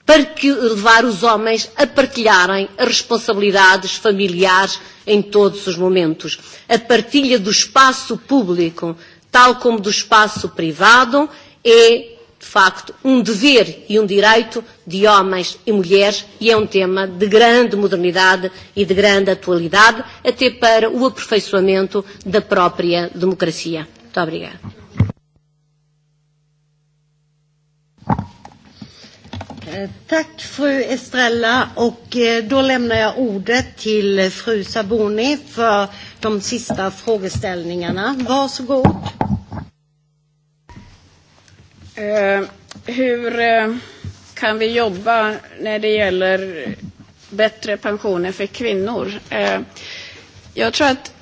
para que levar os homens a partilharem as responsabilidades familiares em todos os momentos. A partilha do espaço público, tal como do espaço privado, é de facto um dever e um direito de homens e mulheres e é um tema de grande modernidade e de grande atualidade, até para o aperfeiçoamento da própria democracia. Muito obrigada. Tack fru Estrella och då lämnar jag ordet till fru Saboni för de sista frågeställningarna. Varsågod. Hur kan vi jobba när det gäller bättre pensioner för kvinnor? Jag tror att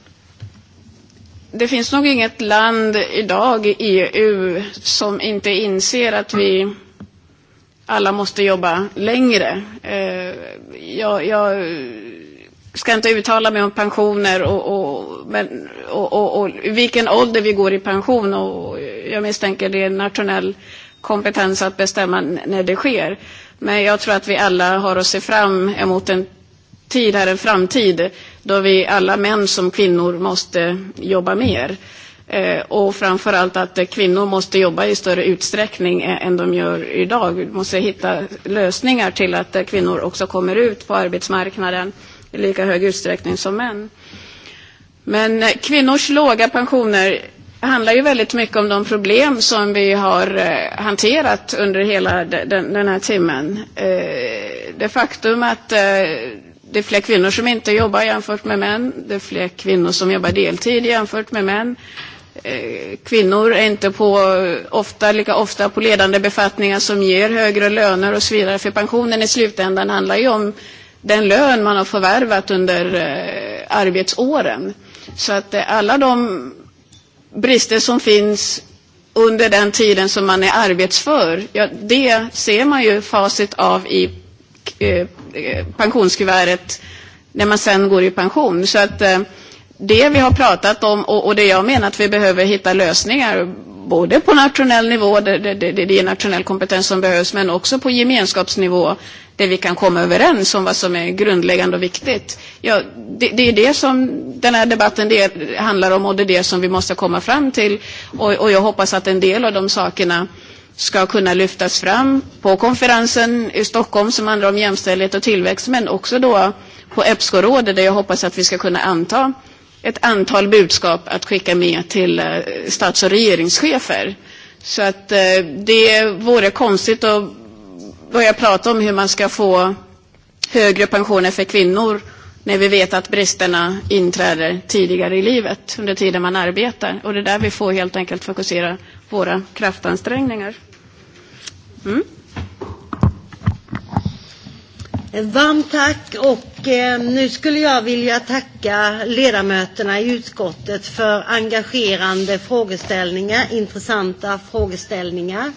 det finns nog inget land idag i EU som inte inser att vi alla måste jobba längre. Jag, jag ska inte uttala mig om pensioner och, och, men, och, och, och vilken ålder vi går i pension. Och jag misstänker det är en nationell kompetens att bestämma när det sker. Men jag tror att vi alla har att se fram emot en tid här, en framtid, då vi alla män som kvinnor måste jobba mer. Eh, och framförallt att kvinnor måste jobba i större utsträckning än de gör idag. Vi måste hitta lösningar till att kvinnor också kommer ut på arbetsmarknaden i lika hög utsträckning som män. Men kvinnors låga pensioner handlar ju väldigt mycket om de problem som vi har hanterat under hela den här timmen. Det faktum att det är fler kvinnor som inte jobbar jämfört med män, det är fler kvinnor som jobbar deltid jämfört med män kvinnor är inte på, ofta, lika ofta på ledande befattningar som ger högre löner och så vidare. För pensionen i slutändan handlar ju om den lön man har förvärvat under eh, arbetsåren. Så att eh, alla de brister som finns under den tiden som man är arbetsför, ja, det ser man ju facit av i eh, pensionskuvertet när man sen går i pension. Så att eh, det vi har pratat om och, och det jag menar att vi behöver hitta lösningar både på nationell nivå, det, det, det, det är nationell kompetens som behövs, men också på gemenskapsnivå där vi kan komma överens om vad som är grundläggande och viktigt. Ja, det, det är det som den här debatten det handlar om och det är det som vi måste komma fram till. Och, och jag hoppas att en del av de sakerna ska kunna lyftas fram på konferensen i Stockholm som handlar om jämställdhet och tillväxt, men också då på EPSCO-rådet där jag hoppas att vi ska kunna anta ett antal budskap att skicka med till stats och regeringschefer. Så att det vore konstigt att börja prata om hur man ska få högre pensioner för kvinnor när vi vet att bristerna inträder tidigare i livet, under tiden man arbetar. Och det är där vi får helt enkelt fokusera våra kraftansträngningar. Mm. Varmt tack och nu skulle jag vilja tacka ledamöterna i utskottet för engagerande frågeställningar, intressanta frågeställningar.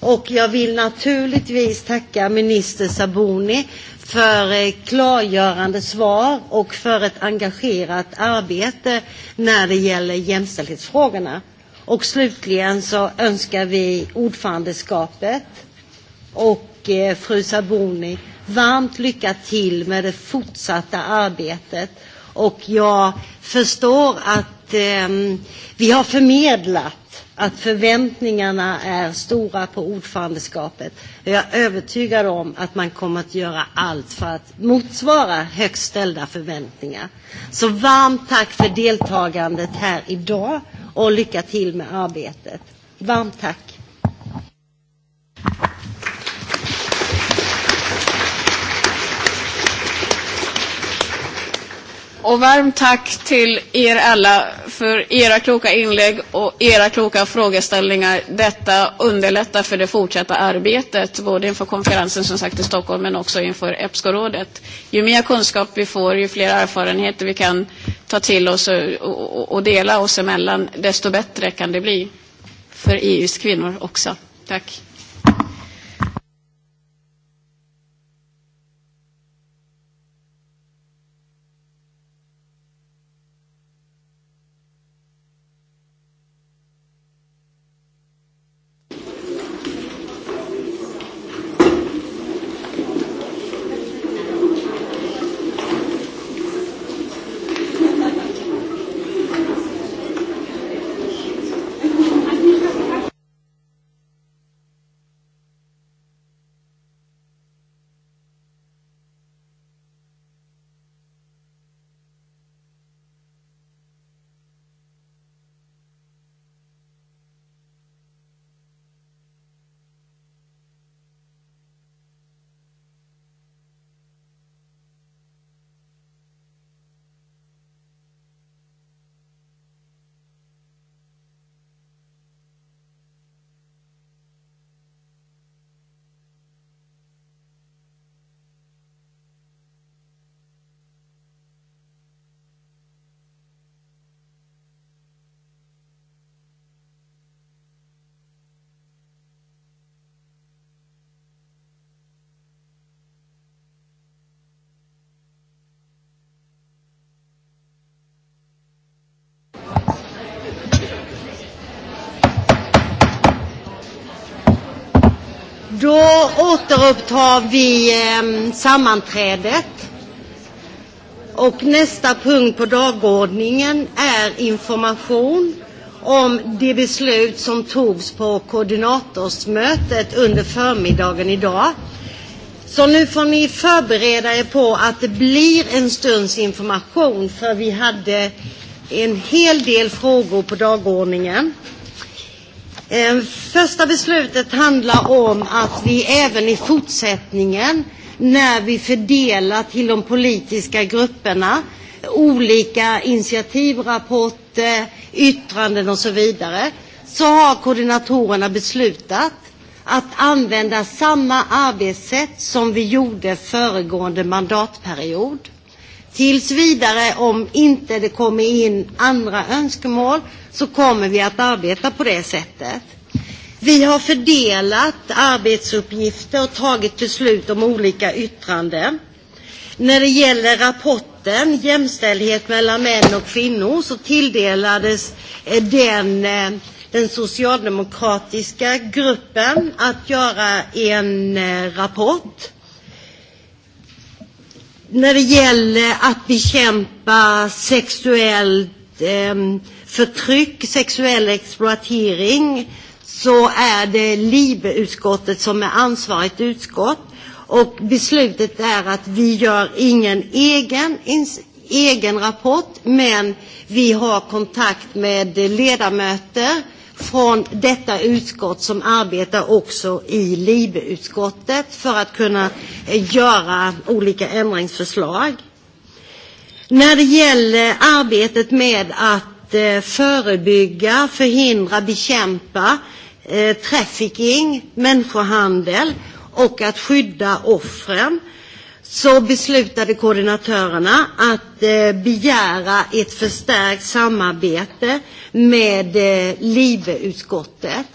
Och jag vill naturligtvis tacka minister Saboni för klargörande svar och för ett engagerat arbete när det gäller jämställdhetsfrågorna. Och slutligen så önskar vi ordförandeskapet och eh, fru Saboni varmt lycka till med det fortsatta arbetet. Och jag förstår att eh, vi har förmedlat att förväntningarna är stora på ordförandeskapet. Jag är övertygad om att man kommer att göra allt för att motsvara högst ställda förväntningar. Så varmt tack för deltagandet här idag och lycka till med arbetet. Varmt tack! Och varmt tack till er alla för era kloka inlägg och era kloka frågeställningar. Detta underlättar för det fortsatta arbetet, både inför konferensen som sagt i Stockholm men också inför EPSCO-rådet. Ju mer kunskap vi får, ju fler erfarenheter vi kan ta till oss och, och dela oss emellan, desto bättre kan det bli för EUs kvinnor också. Tack! återupptar vi eh, sammanträdet. Och nästa punkt på dagordningen är information om det beslut som togs på koordinatorsmötet under förmiddagen idag. Så nu får ni förbereda er på att det blir en stunds information för vi hade en hel del frågor på dagordningen. Första beslutet handlar om att vi även i fortsättningen när vi fördelar till de politiska grupperna olika initiativrapporter, yttranden och så vidare så har koordinatorerna beslutat att använda samma arbetssätt som vi gjorde föregående mandatperiod. Tills vidare, om inte det kommer in andra önskemål, så kommer vi att arbeta på det sättet. Vi har fördelat arbetsuppgifter och tagit beslut om olika yttranden. När det gäller rapporten Jämställdhet mellan män och kvinnor så tilldelades den den socialdemokratiska gruppen att göra en rapport när det gäller att bekämpa sexuellt eh, förtryck, sexuell exploatering, så är det libe utskottet som är ansvarigt utskott. Och beslutet är att vi gör ingen egen, ins, egen rapport, men vi har kontakt med ledamöter från detta utskott som arbetar också i LIB-utskottet för att kunna göra olika ändringsförslag. När det gäller arbetet med att förebygga, förhindra, bekämpa trafficking, människohandel och att skydda offren så beslutade koordinatörerna att begära ett förstärkt samarbete med LIBE-utskottet.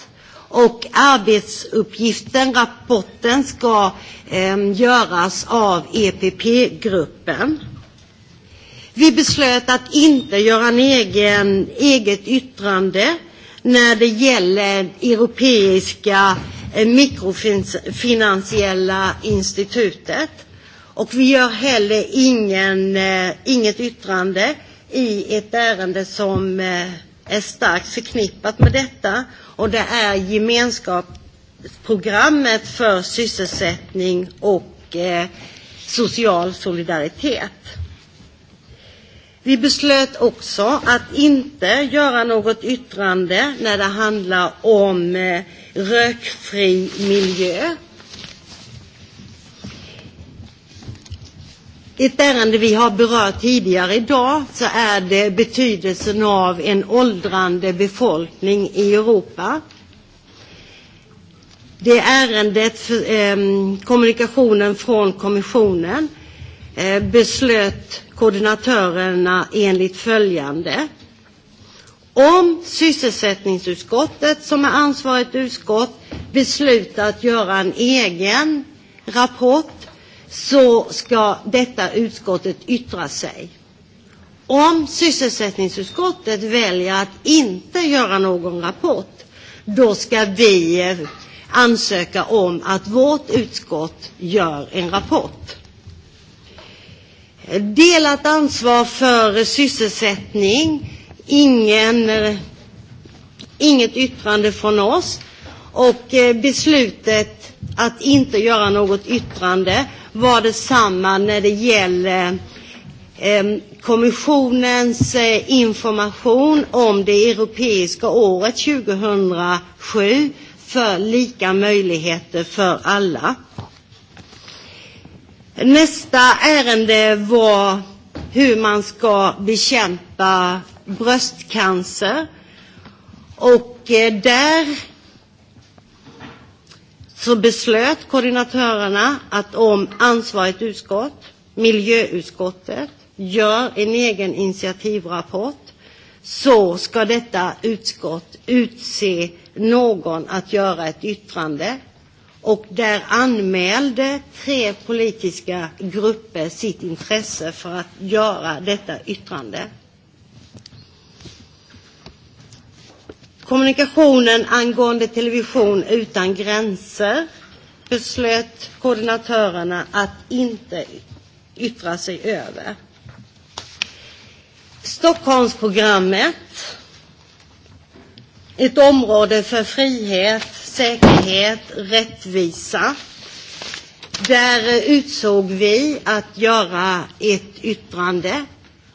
Och arbetsuppgiften, rapporten, ska eh, göras av EPP-gruppen. Vi beslöt att inte göra en egen, eget yttrande när det gäller Europeiska mikrofinansiella institutet Och vi gör heller ingen, eh, inget yttrande i ett ärende som eh, är starkt förknippat med detta. Och det är gemenskapsprogrammet för sysselsättning och eh, social solidaritet. Vi beslöt också att inte göra något yttrande när det handlar om rökfri miljö. Ett ärende vi har berört tidigare idag så är det betydelsen av en åldrande befolkning i Europa. Det ärendet, för, eh, kommunikationen från kommissionen, eh, beslöt koordinatörerna enligt följande. Om sysselsättningsutskottet, som är ansvarigt utskott, beslutar att göra en egen rapport så ska detta utskottet yttra sig. Om sysselsättningsutskottet väljer att inte göra någon rapport, då ska vi ansöka om att vårt utskott gör en rapport. Delat ansvar för sysselsättning, ingen, inget yttrande från oss. Och beslutet att inte göra något yttrande var detsamma när det gäller kommissionens information om det europeiska året 2007 för lika möjligheter för alla. Nästa ärende var hur man ska bekämpa bröstcancer. Och där så beslöt koordinatörerna att om ansvarigt utskott, miljöutskottet, gör en egen initiativrapport så ska detta utskott utse någon att göra ett yttrande. Och där anmälde tre politiska grupper sitt intresse för att göra detta yttrande. Kommunikationen angående television utan gränser beslöt koordinatörerna att inte yttra sig över. Stockholmsprogrammet, ett område för frihet, säkerhet, rättvisa. Där utsåg vi att göra ett yttrande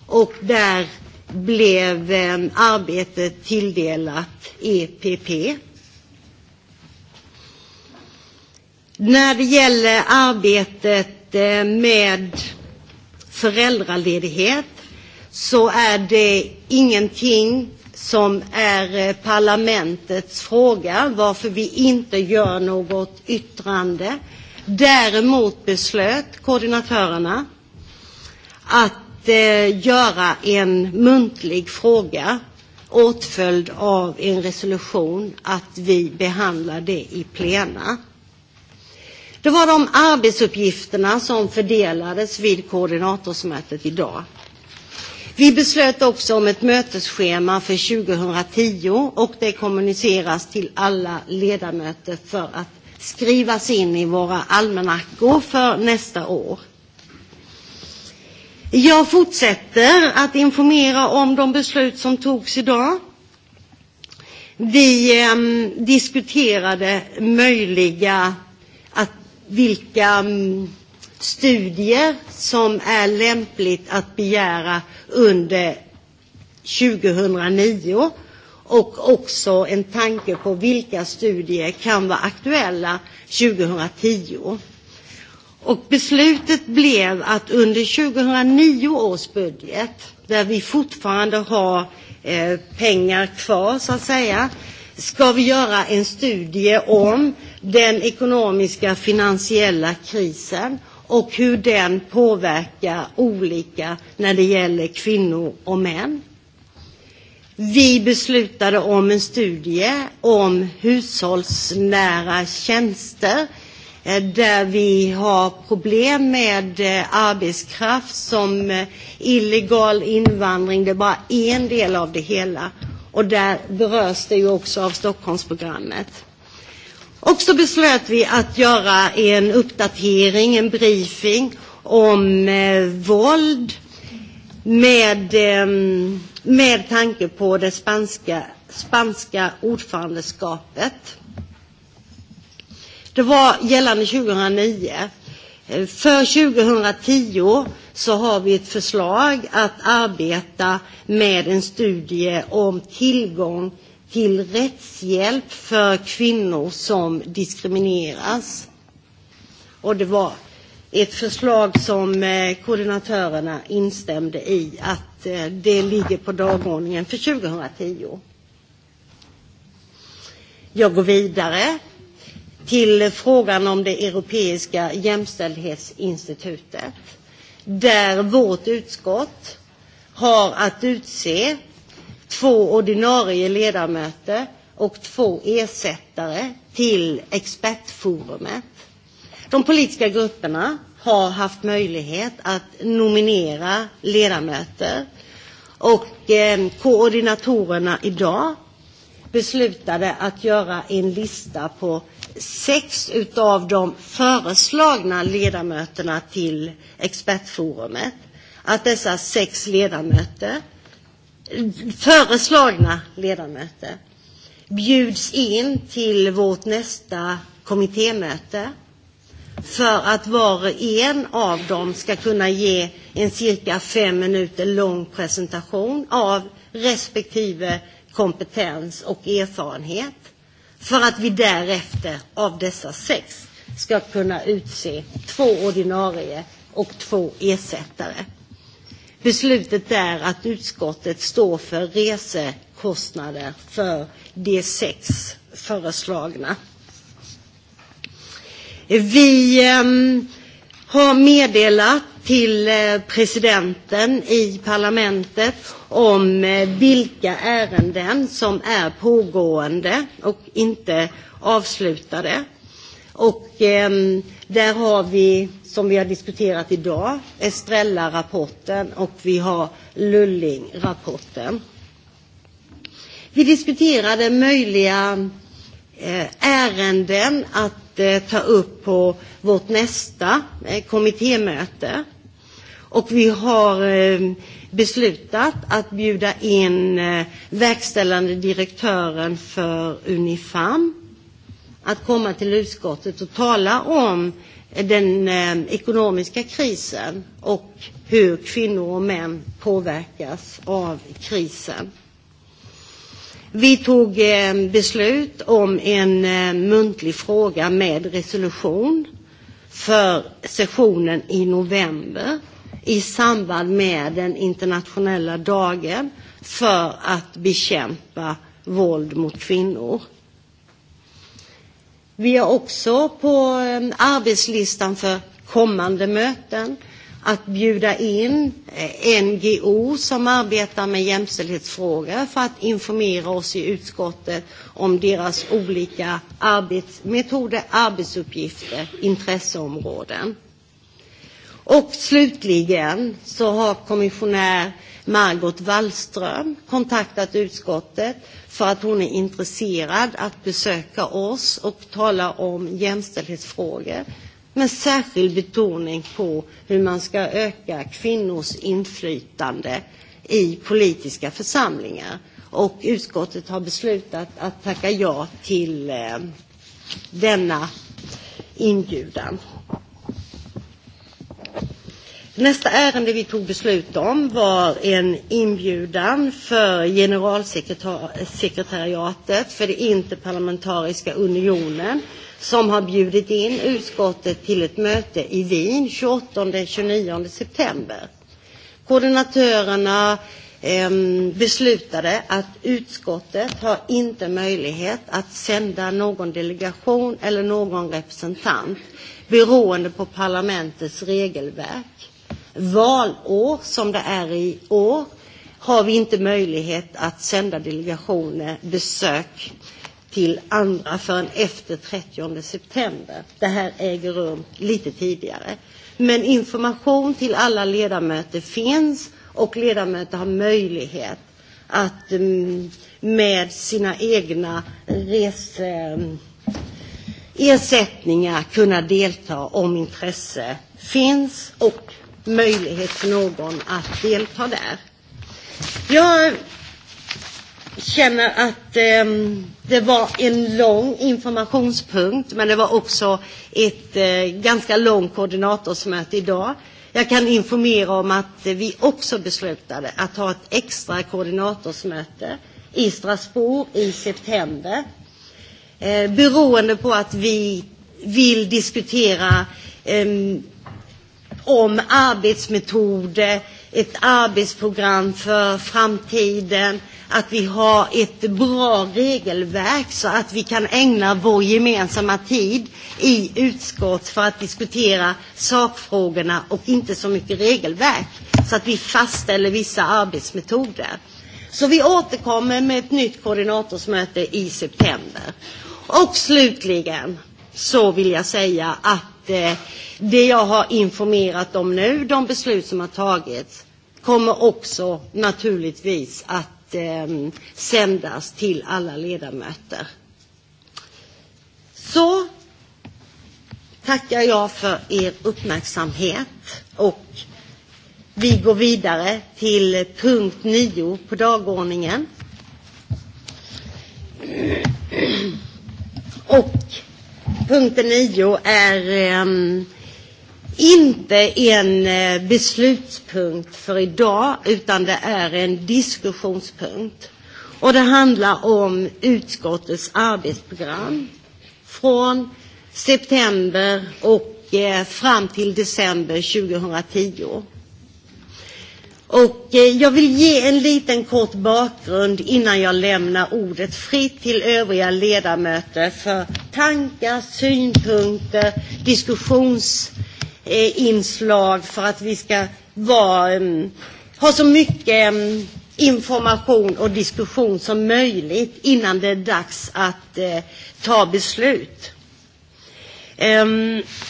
och där blev arbetet tilldelat EPP. När det gäller arbetet med föräldraledighet så är det ingenting som är parlamentets fråga, varför vi inte gör något yttrande. Däremot beslöt koordinatörerna att att eh, göra en muntlig fråga åtföljd av en resolution att vi behandlar det i plena. Det var de arbetsuppgifterna som fördelades vid koordinatorsmötet idag. Vi beslöt också om ett mötesschema för 2010 och det kommuniceras till alla ledamöter för att skrivas in i våra almanackor för nästa år. Jag fortsätter att informera om de beslut som togs idag. Vi eh, diskuterade möjliga att vilka studier som är lämpligt att begära under 2009 och också en tanke på vilka studier kan vara aktuella 2010. Och beslutet blev att under 2009 års budget, där vi fortfarande har eh, pengar kvar så att säga, ska vi göra en studie om den ekonomiska finansiella krisen och hur den påverkar olika när det gäller kvinnor och män. Vi beslutade om en studie om hushållsnära tjänster där vi har problem med arbetskraft som illegal invandring. Det är bara en del av det hela. Och där berörs det ju också av Stockholmsprogrammet. Och så beslöt vi att göra en uppdatering, en briefing om eh, våld med, eh, med tanke på det spanska, spanska ordförandeskapet. Det var gällande 2009. För 2010 så har vi ett förslag att arbeta med en studie om tillgång till rättshjälp för kvinnor som diskrimineras. Och det var ett förslag som koordinatörerna instämde i att det ligger på dagordningen för 2010. Jag går vidare till frågan om det europeiska jämställdhetsinstitutet där vårt utskott har att utse två ordinarie ledamöter och två ersättare till expertforumet. De politiska grupperna har haft möjlighet att nominera ledamöter och koordinatorerna idag beslutade att göra en lista på sex av de föreslagna ledamöterna till expertforumet. Att dessa sex ledamöter, föreslagna ledamöter, bjuds in till vårt nästa kommittémöte för att var och en av dem ska kunna ge en cirka fem minuter lång presentation av respektive kompetens och erfarenhet för att vi därefter av dessa sex ska kunna utse två ordinarie och två ersättare. Beslutet är att utskottet står för resekostnader för de sex föreslagna. Vi har meddelat till presidenten i parlamentet om vilka ärenden som är pågående och inte avslutade. Och där har vi, som vi har diskuterat idag, Estrella-rapporten och vi har Lulling-rapporten. Vi diskuterade möjliga ärenden att eh, ta upp på vårt nästa eh, kommittémöte. Och vi har eh, beslutat att bjuda in eh, verkställande direktören för Unifam att komma till utskottet och tala om den eh, ekonomiska krisen och hur kvinnor och män påverkas av krisen. Vi tog beslut om en muntlig fråga med resolution för sessionen i november i samband med den internationella dagen för att bekämpa våld mot kvinnor. Vi har också på arbetslistan för kommande möten att bjuda in NGO som arbetar med jämställdhetsfrågor för att informera oss i utskottet om deras olika arbetsmetoder, arbetsuppgifter, intresseområden. Och slutligen så har kommissionär Margot Wallström kontaktat utskottet för att hon är intresserad att besöka oss och tala om jämställdhetsfrågor med särskild betoning på hur man ska öka kvinnors inflytande i politiska församlingar. Och utskottet har beslutat att tacka ja till eh, denna inbjudan. Nästa ärende vi tog beslut om var en inbjudan för generalsekretariatet för det interparlamentariska unionen som har bjudit in utskottet till ett möte i Wien 28-29 september. Koordinatörerna beslutade att utskottet har inte möjlighet att sända någon delegation eller någon representant beroende på parlamentets regelverk. Valår, som det är i år, har vi inte möjlighet att sända delegationer besök till andra förrän efter 30 september. Det här äger rum lite tidigare. Men information till alla ledamöter finns och ledamöter har möjlighet att med sina egna reseersättningar kunna delta om intresse finns och möjlighet för någon att delta där. Jag känner att eh, det var en lång informationspunkt men det var också ett eh, ganska långt koordinatorsmöte idag. Jag kan informera om att vi också beslutade att ha ett extra koordinatorsmöte i Strasbourg i september. Eh, beroende på att vi vill diskutera eh, om arbetsmetoder, ett arbetsprogram för framtiden, att vi har ett bra regelverk så att vi kan ägna vår gemensamma tid i utskott för att diskutera sakfrågorna och inte så mycket regelverk, så att vi fastställer vissa arbetsmetoder. Så vi återkommer med ett nytt koordinatorsmöte i september. Och slutligen så vill jag säga att eh, det jag har informerat om nu, de beslut som har tagits, kommer också naturligtvis att eh, sändas till alla ledamöter. Så tackar jag för er uppmärksamhet och vi går vidare till punkt 9 på dagordningen. Och punkten 9 är um, inte en uh, beslutspunkt för idag utan det är en diskussionspunkt. Och det handlar om utskottets arbetsprogram från september och uh, fram till december 2010. Och jag vill ge en liten kort bakgrund innan jag lämnar ordet fritt till övriga ledamöter för tankar, synpunkter, diskussionsinslag för att vi ska vara, ha så mycket information och diskussion som möjligt innan det är dags att ta beslut.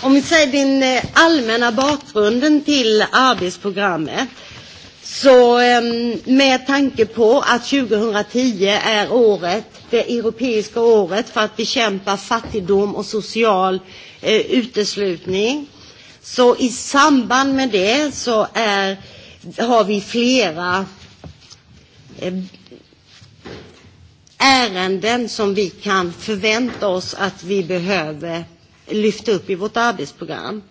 om vi säger den allmänna bakgrunden till arbetsprogrammet Så med tanke på att 2010 är året, det europeiska året för att bekämpa fattigdom och social eh, uteslutning. Så i samband med det så är, har vi flera eh, ärenden som vi kan förvänta oss att vi behöver lyfta upp i vårt arbetsprogram.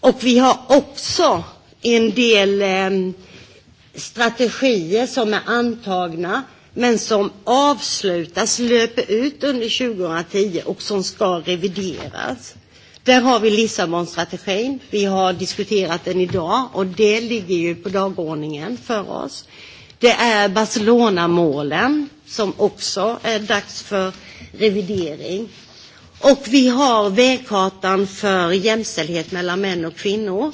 Och vi har också en del eh, strategier som är antagna men som avslutas, löper ut under 2010 och som ska revideras. Där har vi Lissabonstrategin. Vi har diskuterat den idag och det ligger ju på dagordningen för oss. Det är Barcelona-målen som också är dags för revidering. Och vi har vägkartan för jämställdhet mellan män och kvinnor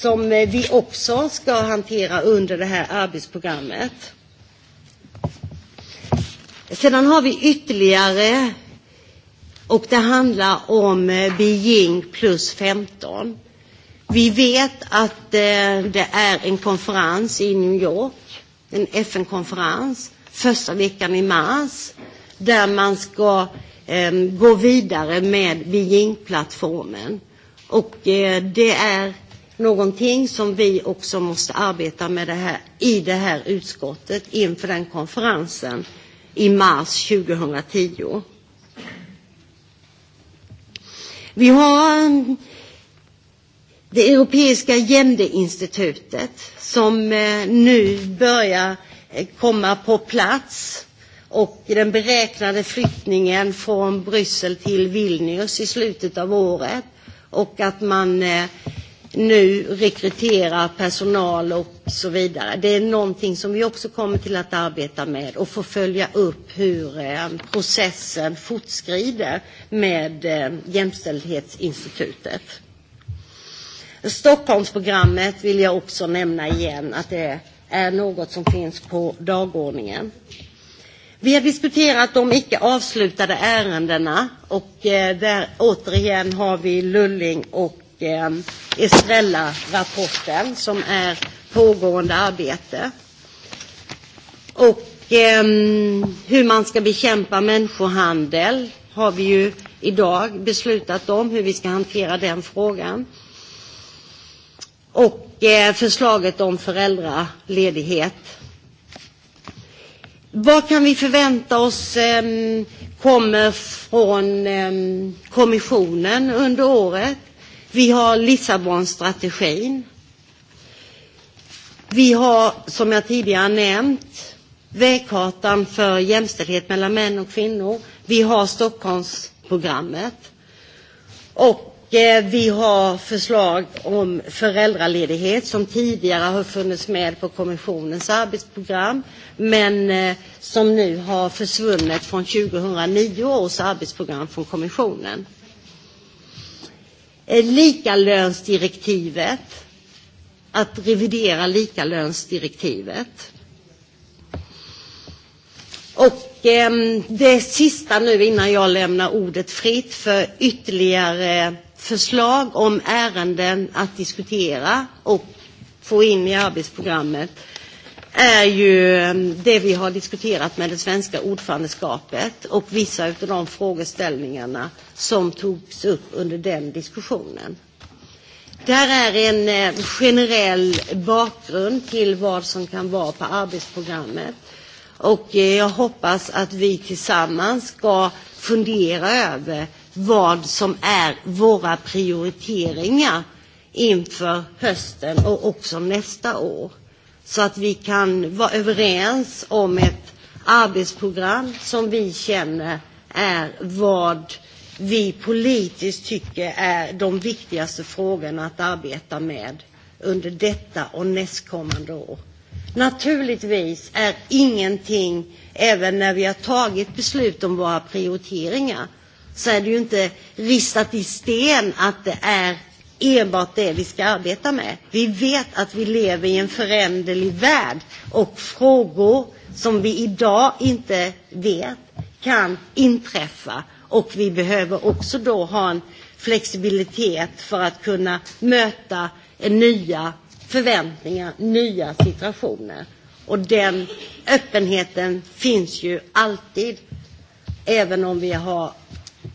som vi också ska hantera under det här arbetsprogrammet. Sedan har vi ytterligare, och det handlar om Beijing plus 15. Vi vet att det är en konferens i New York, en FN-konferens, första veckan i mars, där man ska gå vidare med Beijing-plattformen. Och det är någonting som vi också måste arbeta med det här, i det här utskottet inför den konferensen i mars 2010. Vi har det europeiska jämdeinstitutet som nu börjar komma på plats och den beräknade flyttningen från Bryssel till Vilnius i slutet av året och att man nu rekryterar personal och så vidare. Det är någonting som vi också kommer till att arbeta med och få följa upp hur processen fortskrider med Jämställdhetsinstitutet. Stockholmsprogrammet vill jag också nämna igen att det är något som finns på dagordningen. Vi har diskuterat de icke avslutade ärendena och där återigen har vi Lulling och Estrella-rapporten som är pågående arbete. Och hur man ska bekämpa människohandel har vi ju idag beslutat om hur vi ska hantera den frågan. Och förslaget om föräldraledighet. Vad kan vi förvänta oss kommer från kommissionen under året? Vi har Lissabonstrategin. Vi har, som jag tidigare nämnt, vägkartan för jämställdhet mellan män och kvinnor. Vi har Stockholmsprogrammet. Och vi har förslag om föräldraledighet som tidigare har funnits med på kommissionens arbetsprogram men som nu har försvunnit från 2009 års arbetsprogram från kommissionen likalönsdirektivet, att revidera likalönsdirektivet. Och det sista nu innan jag lämnar ordet fritt för ytterligare förslag om ärenden att diskutera och få in i arbetsprogrammet är ju det vi har diskuterat med det svenska ordförandeskapet och vissa av de frågeställningarna som togs upp under den diskussionen. Det här är en generell bakgrund till vad som kan vara på arbetsprogrammet. Och jag hoppas att vi tillsammans ska fundera över vad som är våra prioriteringar inför hösten och också nästa år så att vi kan vara överens om ett arbetsprogram som vi känner är vad vi politiskt tycker är de viktigaste frågorna att arbeta med under detta och nästkommande år. Naturligtvis är ingenting, även när vi har tagit beslut om våra prioriteringar, så är det ju inte ristat i sten att det är enbart det vi ska arbeta med. Vi vet att vi lever i en föränderlig värld och frågor som vi idag inte vet kan inträffa och vi behöver också då ha en flexibilitet för att kunna möta nya förväntningar, nya situationer. Och den öppenheten finns ju alltid, även om vi har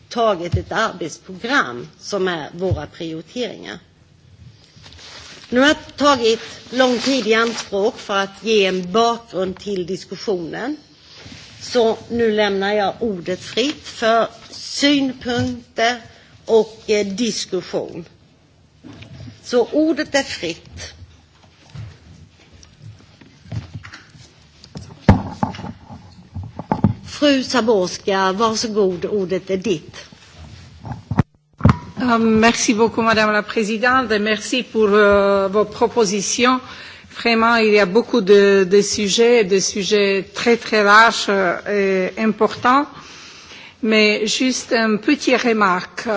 tagit ett arbetsprogram som är våra prioriteringar. Nu har jag tagit lång tid i anspråk för att ge en bakgrund till diskussionen. Så nu lämnar jag ordet fritt för synpunkter och diskussion. Så ordet är fritt. Fru Saborska, varsågod, ordet är ditt. Merci beaucoup, Madame la Présidente, et merci pour euh, vos propositions. Vraiment, il y a beaucoup de, de sujets, des sujets très très larges et importants. Mais juste une petite remarque.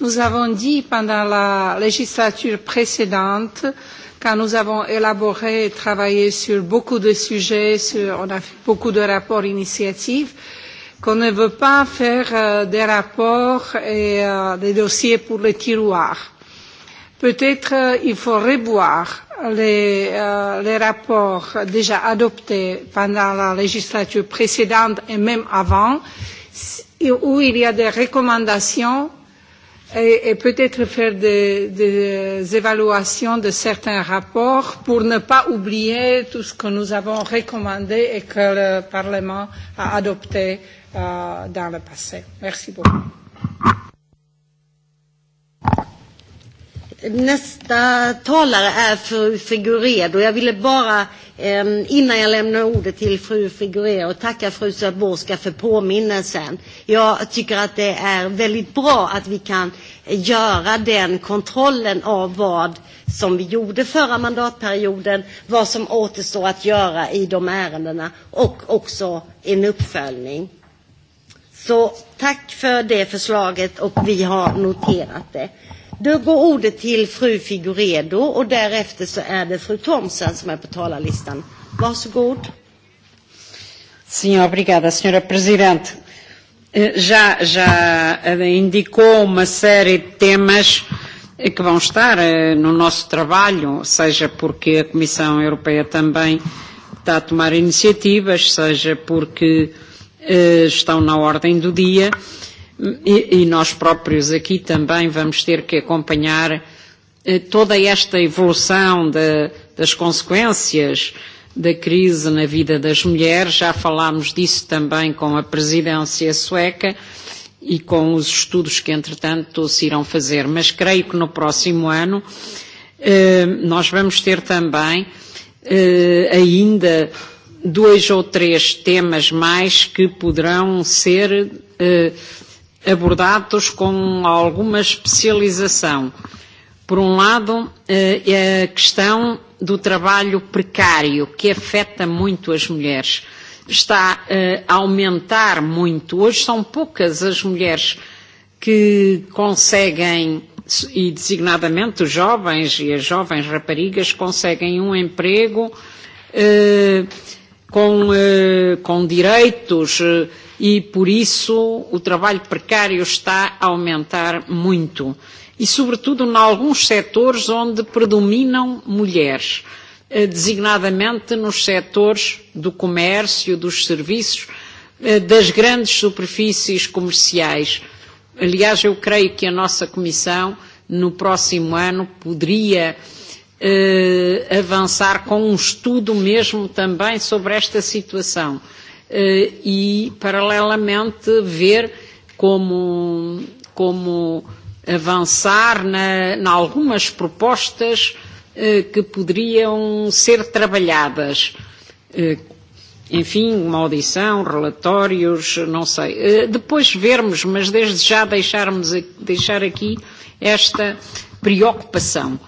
Nous avons dit pendant la législature précédente euh, car nous avons élaboré et travaillé sur beaucoup de sujets, sur, on a fait beaucoup de rapports initiatives, qu'on ne veut pas faire euh, des rapports et euh, des dossiers pour les tiroirs. Peut-être euh, il faut revoir les, euh, les rapports déjà adoptés pendant la législature précédente et même avant, où il y a des recommandations et, et peut-être faire des, des évaluations de certains rapports pour ne pas oublier tout ce que nous avons recommandé et que le Parlement a adopté euh, dans le passé. Merci beaucoup. Nästa talare är fru Figuredo. Jag ville bara, innan jag lämnar ordet till fru Figuredo, tacka fru Zaborska för påminnelsen. Jag tycker att det är väldigt bra att vi kan göra den kontrollen av vad som vi gjorde förra mandatperioden, vad som återstår att göra i de ärendena och också en uppföljning. Så tack för det förslaget och vi har noterat det. Då går ordet till fru Figuredo och därefter så är det fru Thomsen som är på talarlistan. Varsågod. Sim, obrigada, senhora presidente. Já, já indicou uma série de temas que vão estar no nosso trabalho, seja porque a Comissão Europeia também está a tomar iniciativas, seja porque estão na ordem do dia e, e nós próprios aqui também vamos ter que acompanhar toda esta evolução de, das consequências da crise na vida das mulheres. Já falámos disso também com a presidência sueca e com os estudos que, entretanto, se irão fazer. Mas creio que no próximo ano eh, nós vamos ter também eh, ainda dois ou três temas mais que poderão ser eh, abordados com alguma especialização. Por um lado, a questão do trabalho precário, que afeta muito as mulheres, está a aumentar muito. Hoje são poucas as mulheres que conseguem, e designadamente os jovens e as jovens raparigas, conseguem um emprego com, com direitos e, por isso, o trabalho precário está a aumentar muito. E, sobretudo, em alguns setores onde predominam mulheres, designadamente nos setores do comércio, dos serviços, das grandes superfícies comerciais. Aliás, eu creio que a nossa Comissão, no próximo ano, poderia avançar com um estudo mesmo também sobre esta situação e, paralelamente, ver como, como avançar na, na algumas propostas que poderiam ser trabalhadas. Enfim, uma audição, relatórios, não sei. Depois vermos, mas desde já deixarmos, deixar aqui esta preocupação,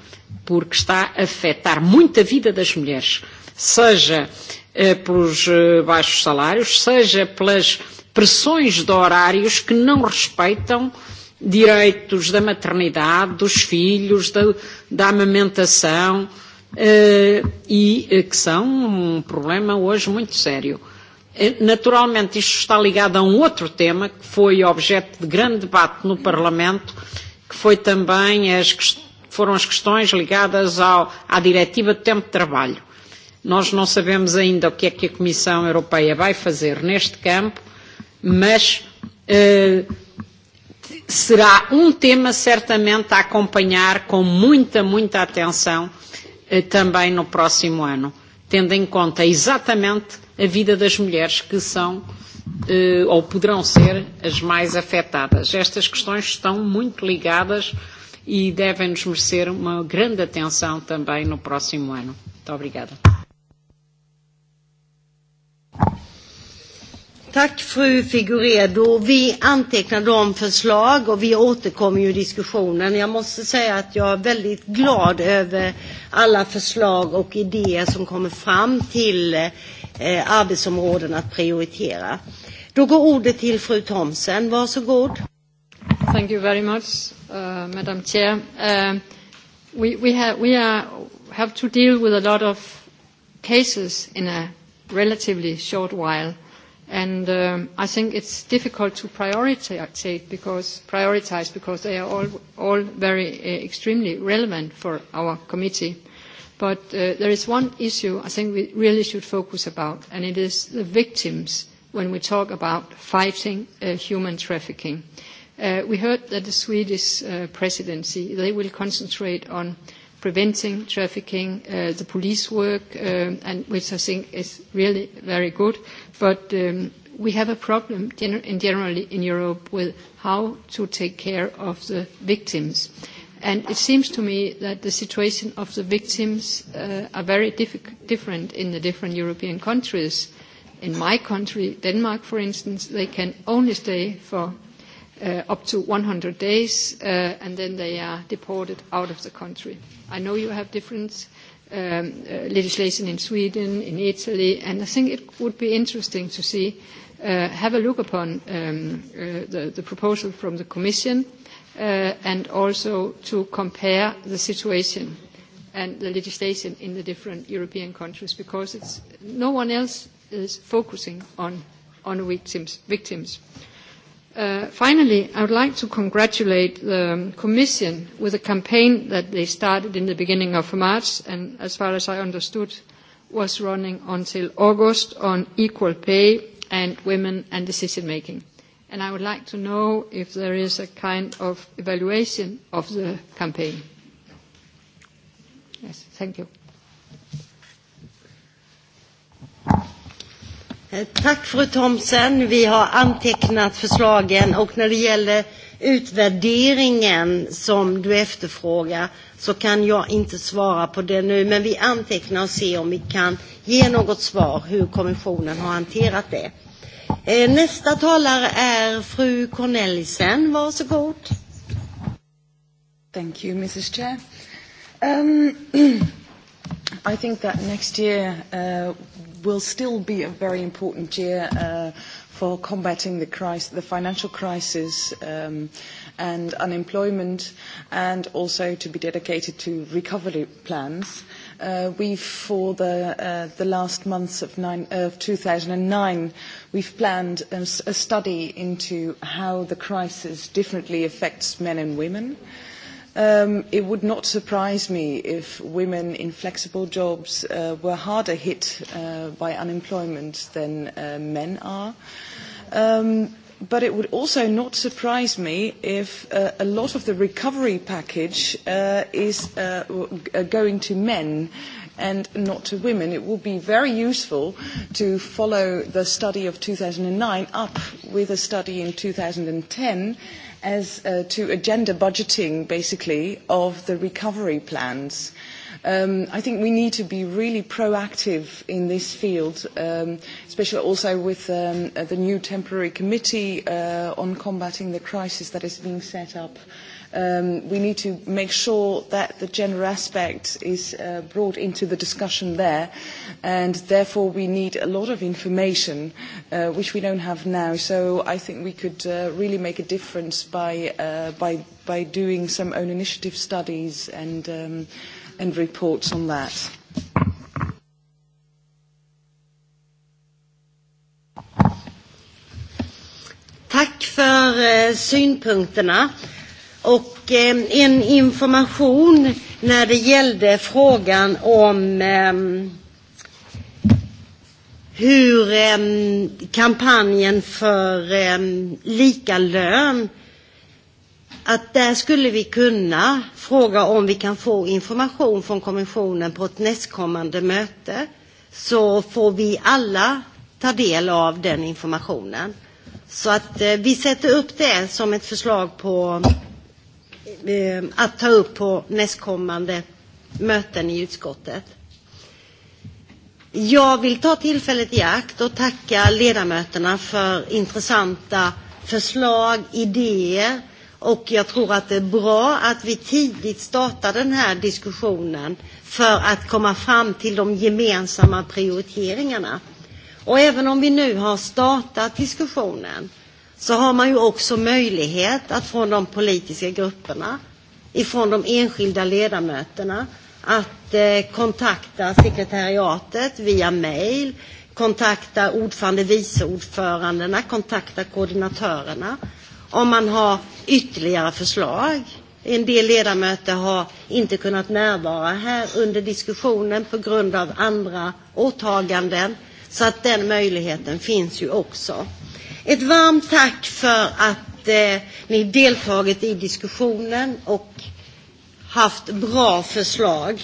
porque está a afetar muito a vida das mulheres, seja pelos baixos salários, seja pelas pressões de horários que não respeitam direitos da maternidade, dos filhos, da, da amamentação, e que são um problema hoje muito sério. Naturalmente, isto está ligado a um outro tema que foi objeto de grande debate no Parlamento, que foi também as, foram as questões ligadas ao, à Diretiva de Tempo de Trabalho. Nós não sabemos ainda o que é que a Comissão Europeia vai fazer neste campo, mas será um tema certamente a acompanhar com muita, muita atenção também no próximo ano, tendo em conta exatamente a vida das mulheres que são ou poderão ser as mais afetadas. Estas questões estão muito ligadas e devem nos merecer uma grande atenção também no próximo ano. Muito obrigada. Tack fru Figuredo. Vi antecknar de förslag och vi återkommer ju i diskussionen. Jag måste säga att jag är väldigt glad över alla förslag och idéer som kommer fram till eh, arbetsområden att prioritera. Då går ordet till fru Thomsen. Varsågod. Thank you very much, uh, Madam Chair. Uh, we we, ha we are, have to deal with a lot of cases in a relatively short while. And um, I think it's difficult to prioritize because, prioritize because they are all, all very uh, extremely relevant for our committee. But uh, there is one issue I think we really should focus about, and it is the victims when we talk about fighting uh, human trafficking. Uh, we heard that the Swedish uh, presidency, they will concentrate on uh, preventing trafficking, uh, the police work, um and which I think is really very good. But um, we have a problem gener in generally in Europe with how to take care of the victims. And it seems to me that the situation of the victims uh, are very diff- different in the different European countries. In my country, Denmark, for instance, they can only stay for uh, up to 100 days, uh, and then they are deported out of the country. I know you have different um, uh, legislation in Sweden, in Italy, and I think it would be interesting to see, uh, have a look upon um, uh, the, the proposal from the Commission uh, and also to compare the situation and the legislation in the different European countries because it's, no one else is focusing on, on victims. victims. Uh, Finally, I would like to congratulate the Commission with a campaign that they started in the beginning of March, and as far as I understood, was running until August on equal pay and women and decision-making. And I would like to know if there is a kind of evaluation of the campaign. Yes, thank you. Tack fru Thomsen. Vi har antecknat förslagen och när det gäller utvärderingen som du efterfrågar så kan jag inte svara på det nu men vi antecknar och ser om vi kan ge något svar hur kommissionen har hanterat det. Nästa talare är fru Cornelissen. Varsågod. Thank you, Mrs. Chair. Um, I think that next year uh, will still be a very important year uh, for combating the, crisis, the financial crisis um, and unemployment, and also to be dedicated to recovery plans. Uh, we've, for the, uh, the last months of, nine, of 2009, we've planned a, a study into how the crisis differently affects men and women it would not surprise me if women in flexible jobs were harder hit by unemployment than men are. but it would also not surprise me if a lot of the recovery package is going to men and not to women. It would be very useful to follow the study of two thousand nine up with a study in two thousand ten as uh, to agenda budgeting, basically, of the recovery plans. Um, I think we need to be really proactive in this field, um, especially also with um, the new temporary committee uh, on combating the crisis that is being set up um, we need to make sure that the gender aspect is uh, brought into the discussion there, and therefore we need a lot of information, uh, which we don't have now. So I think we could uh, really make a difference by, uh, by, by doing some own initiative studies and, um, and reports on that. Tack för synpunkterna. Och en information när det gällde frågan om hur kampanjen för lika lön att där skulle vi kunna fråga om vi kan få information från kommissionen på ett nästkommande möte så får vi alla ta del av den informationen. Så att eh, vi sätter upp det som ett förslag på att ta upp på nästkommande möten i utskottet. Jag vill ta tillfället i akt och tacka ledamöterna för intressanta förslag, idéer och jag tror att det är bra att vi tidigt startar den här diskussionen för att komma fram till de gemensamma prioriteringarna. Och även om vi nu har startat diskussionen så har man ju också möjlighet att från de politiska grupperna, ifrån de enskilda ledamöterna, att kontakta sekretariatet via mejl, kontakta ordförande, vice ordförandena, kontakta koordinatörerna om man har ytterligare förslag. En del ledamöter har inte kunnat närvara här under diskussionen på grund av andra åtaganden, så att den möjligheten finns ju också. Ett varmt tack för att eh, ni deltagit i diskussionen och haft bra förslag.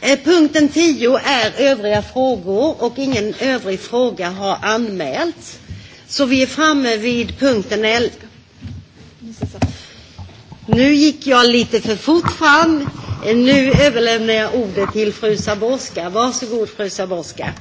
Eh, punkten 10 är övriga frågor och ingen övrig fråga har anmälts. Så vi är framme vid punkten 11. Nu gick jag lite för fort fram. Nu överlämnar jag ordet till fru Saborska. Varsågod fru Saborska.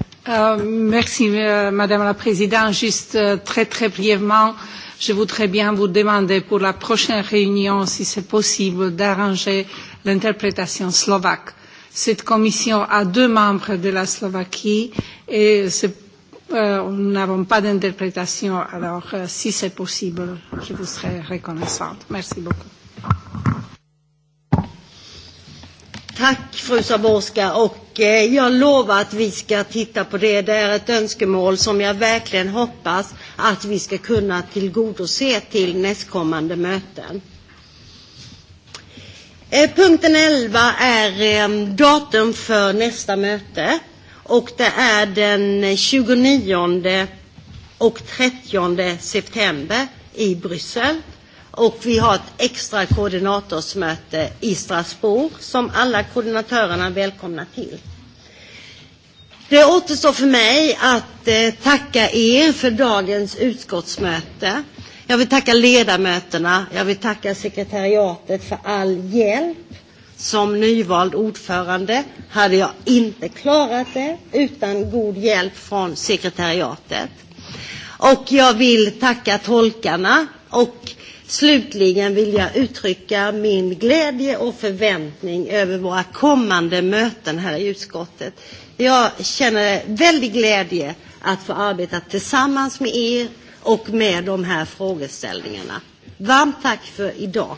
Merci Madame la Présidente. Juste très très brièvement, je voudrais bien vous demander pour la prochaine réunion, si c'est possible, d'arranger l'interprétation slovaque. Cette commission a deux membres de la Slovaquie et nous n'avons pas d'interprétation. Alors, si c'est possible, je vous serai reconnaissante. Merci beaucoup. Tack fru Saborska och jag lovar att vi ska titta på det. Det är ett önskemål som jag verkligen hoppas att vi ska kunna tillgodose till nästkommande möten. Punkten 11 är datum för nästa möte och det är den 29 och 30 september i Bryssel. Och vi har ett extra koordinatorsmöte i Strasbourg som alla koordinatörerna är välkomna till. Det återstår för mig att tacka er för dagens utskottsmöte. Jag vill tacka ledamöterna, jag vill tacka sekretariatet för all hjälp. Som nyvald ordförande hade jag inte klarat det utan god hjälp från sekretariatet. Och jag vill tacka tolkarna och Slutligen vill jag uttrycka min glädje och förväntning över våra kommande möten här i utskottet. Jag känner väldig glädje att få arbeta tillsammans med er och med de här frågeställningarna. Varmt tack för idag!